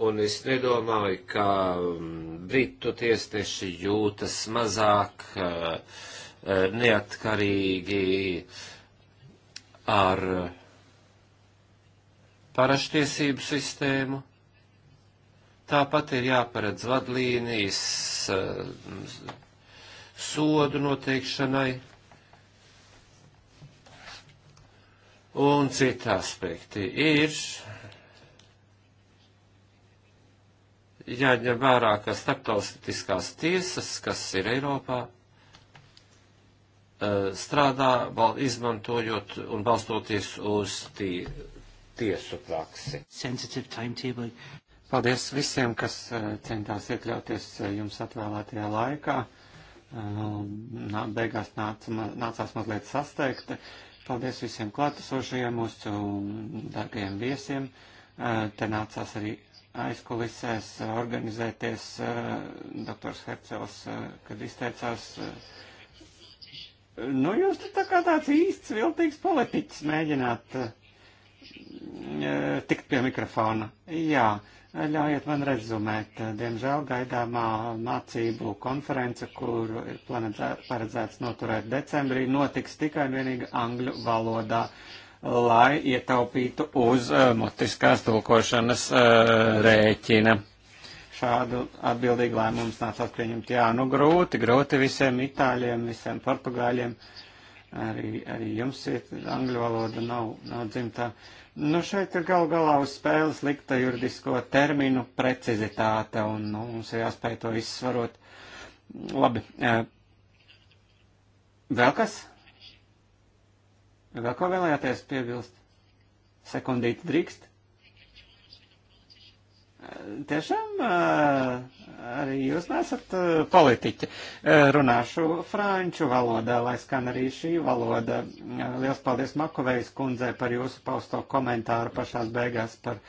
S1: Un es nedomāju, ka mm, britu tiesneši jūtas mazāk e, e, neatkarīgi ar paraštiesību sistēmu. Tāpat ir jāparedz vadlīnijas eh, sodu noteikšanai un citi aspekti. Ir jāņem vērā, ka starptautiskās tiesas, kas ir Eiropā, eh, strādā, izmantojot un balstoties uz tī, tiesu praksi.
S3: Paldies visiem, kas eh, centās iekļauties eh, jums atvēlētajā laikā. Eh, beigās nāca, nācās mazliet sasteigta. Paldies visiem klātesošajiem mūsu mm, dārgajiem viesiem. Te nācās arī aizkulisēs organizēties. Doktors Hercels, kad izteicās, nu jūs te tā kā tāds īsts, viltīgs politiķis mēģināt tikt pie mikrofona. Jā. Ļaujiet man rezumēt. Diemžēl gaidāmā mācību konference, kur ir paredzēts noturēt decembrī, notiks tikai un vienīgi angļu valodā, lai ietaupītu uz uh, mutiskās tulkošanas uh, rēķina. Šādu atbildīgu lēmumu nācās pieņemt. Jā, nu grūti, grūti visiem itāļiem, visiem portugāļiem. Uh, arī, arī jums iet, angļu valoda nav, nav dzimtā. Nu, šeit ir gal galā uz spēles likta juridisko terminu precizitāte, un nu, mums ir jāspēj to izsvarot. Labi. Vēl kas? Vēl ko vēlējāties piebilst? Sekundīti drīkst? Tiešām arī jūs nesat politiķi. Runāšu franču valodā, lai skan arī šī valoda. Lielas paldies Makovejas kundzei par jūsu pausto komentāru pašās beigās par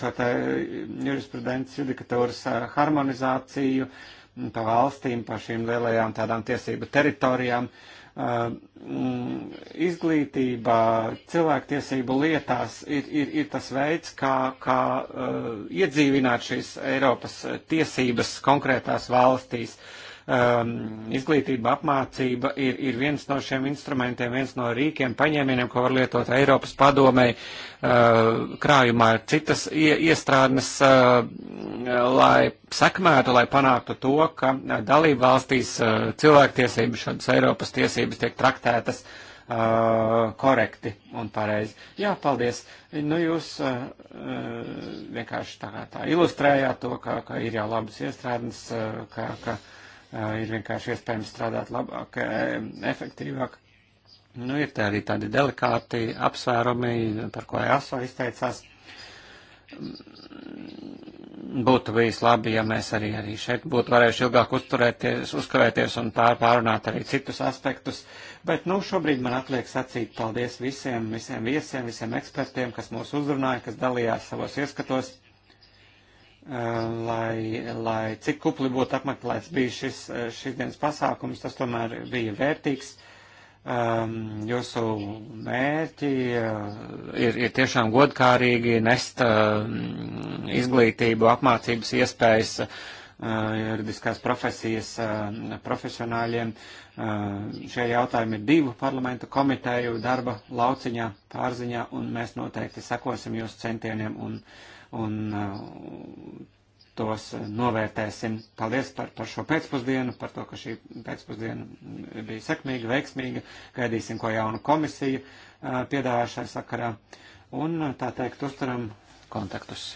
S3: šo te jurisprudences judikatūras harmonizāciju pa valstīm, pa šīm lielajām tādām tiesību teritorijām. Uh, Eh, mm, izglītībā, cilvēktiesību lietās ir, ir, ir tas veids, kā, kā eh, iedzīvināt šīs Eiropas tiesības konkrētās valstīs. Uh, um, izglītība, apmācība ir, ir viens no šiem instrumentiem, viens no rīkiem, paņēmieniem, ko var lietot Eiropas padomei. Uh, krājumā ir citas iestrādnes, uh, lai sekmētu, lai panāktu to, ka uh, dalību valstīs uh, cilvēktiesības, šādas Eiropas tiesības tiek traktētas uh, korekti un pareizi. Jā, paldies. Nu, jūs uh, uh vienkārši tā, tā ilustrējāt to, ka, ka ir jau labas iestrādes, uh, ka, ka Eh, ir vienkārši iespējams strādāt labāk, eh, efektīvāk. Nu, ir tā arī tādi delikāti apsvērumi, par ko ASO izteicās. Mm, būtu bijis labi, ja mēs arī, arī šeit būtu varējuši ilgāk uzturēties, uzkavēties un pār, pārunāt arī citus aspektus. Bet, nu, šobrīd man atliek sacīt paldies visiem, visiem viesiem, visiem ekspertiem, kas mūs uzrunāja, kas dalījās savos ieskatos. Eh, lai, lai cik kupli būtu apmeklēts bija šis, eh, šis dienas pasākums, tas tomēr bija vērtīgs. Um, jūsu mērķi uh, ir, ir tiešām godkārīgi nest uh, izglītību, apmācības iespējas uh, juridiskās profesijas uh, profesionāļiem. Uh, šie jautājumi ir divu parlamentu komiteju darba lauciņā, pārziņā, un mēs noteikti sekosim jūsu centieniem un uh, un uh, tos novērtēsim. Paldies par, par šo pēcpusdienu, par to, ka šī pēcpusdiena bija sekmīga, veiksmīga. Gaidīsim, ko jaunu komisiju uh, piedāvā šai sakarā. Un, uh, tā teikt, uztaram kontaktus.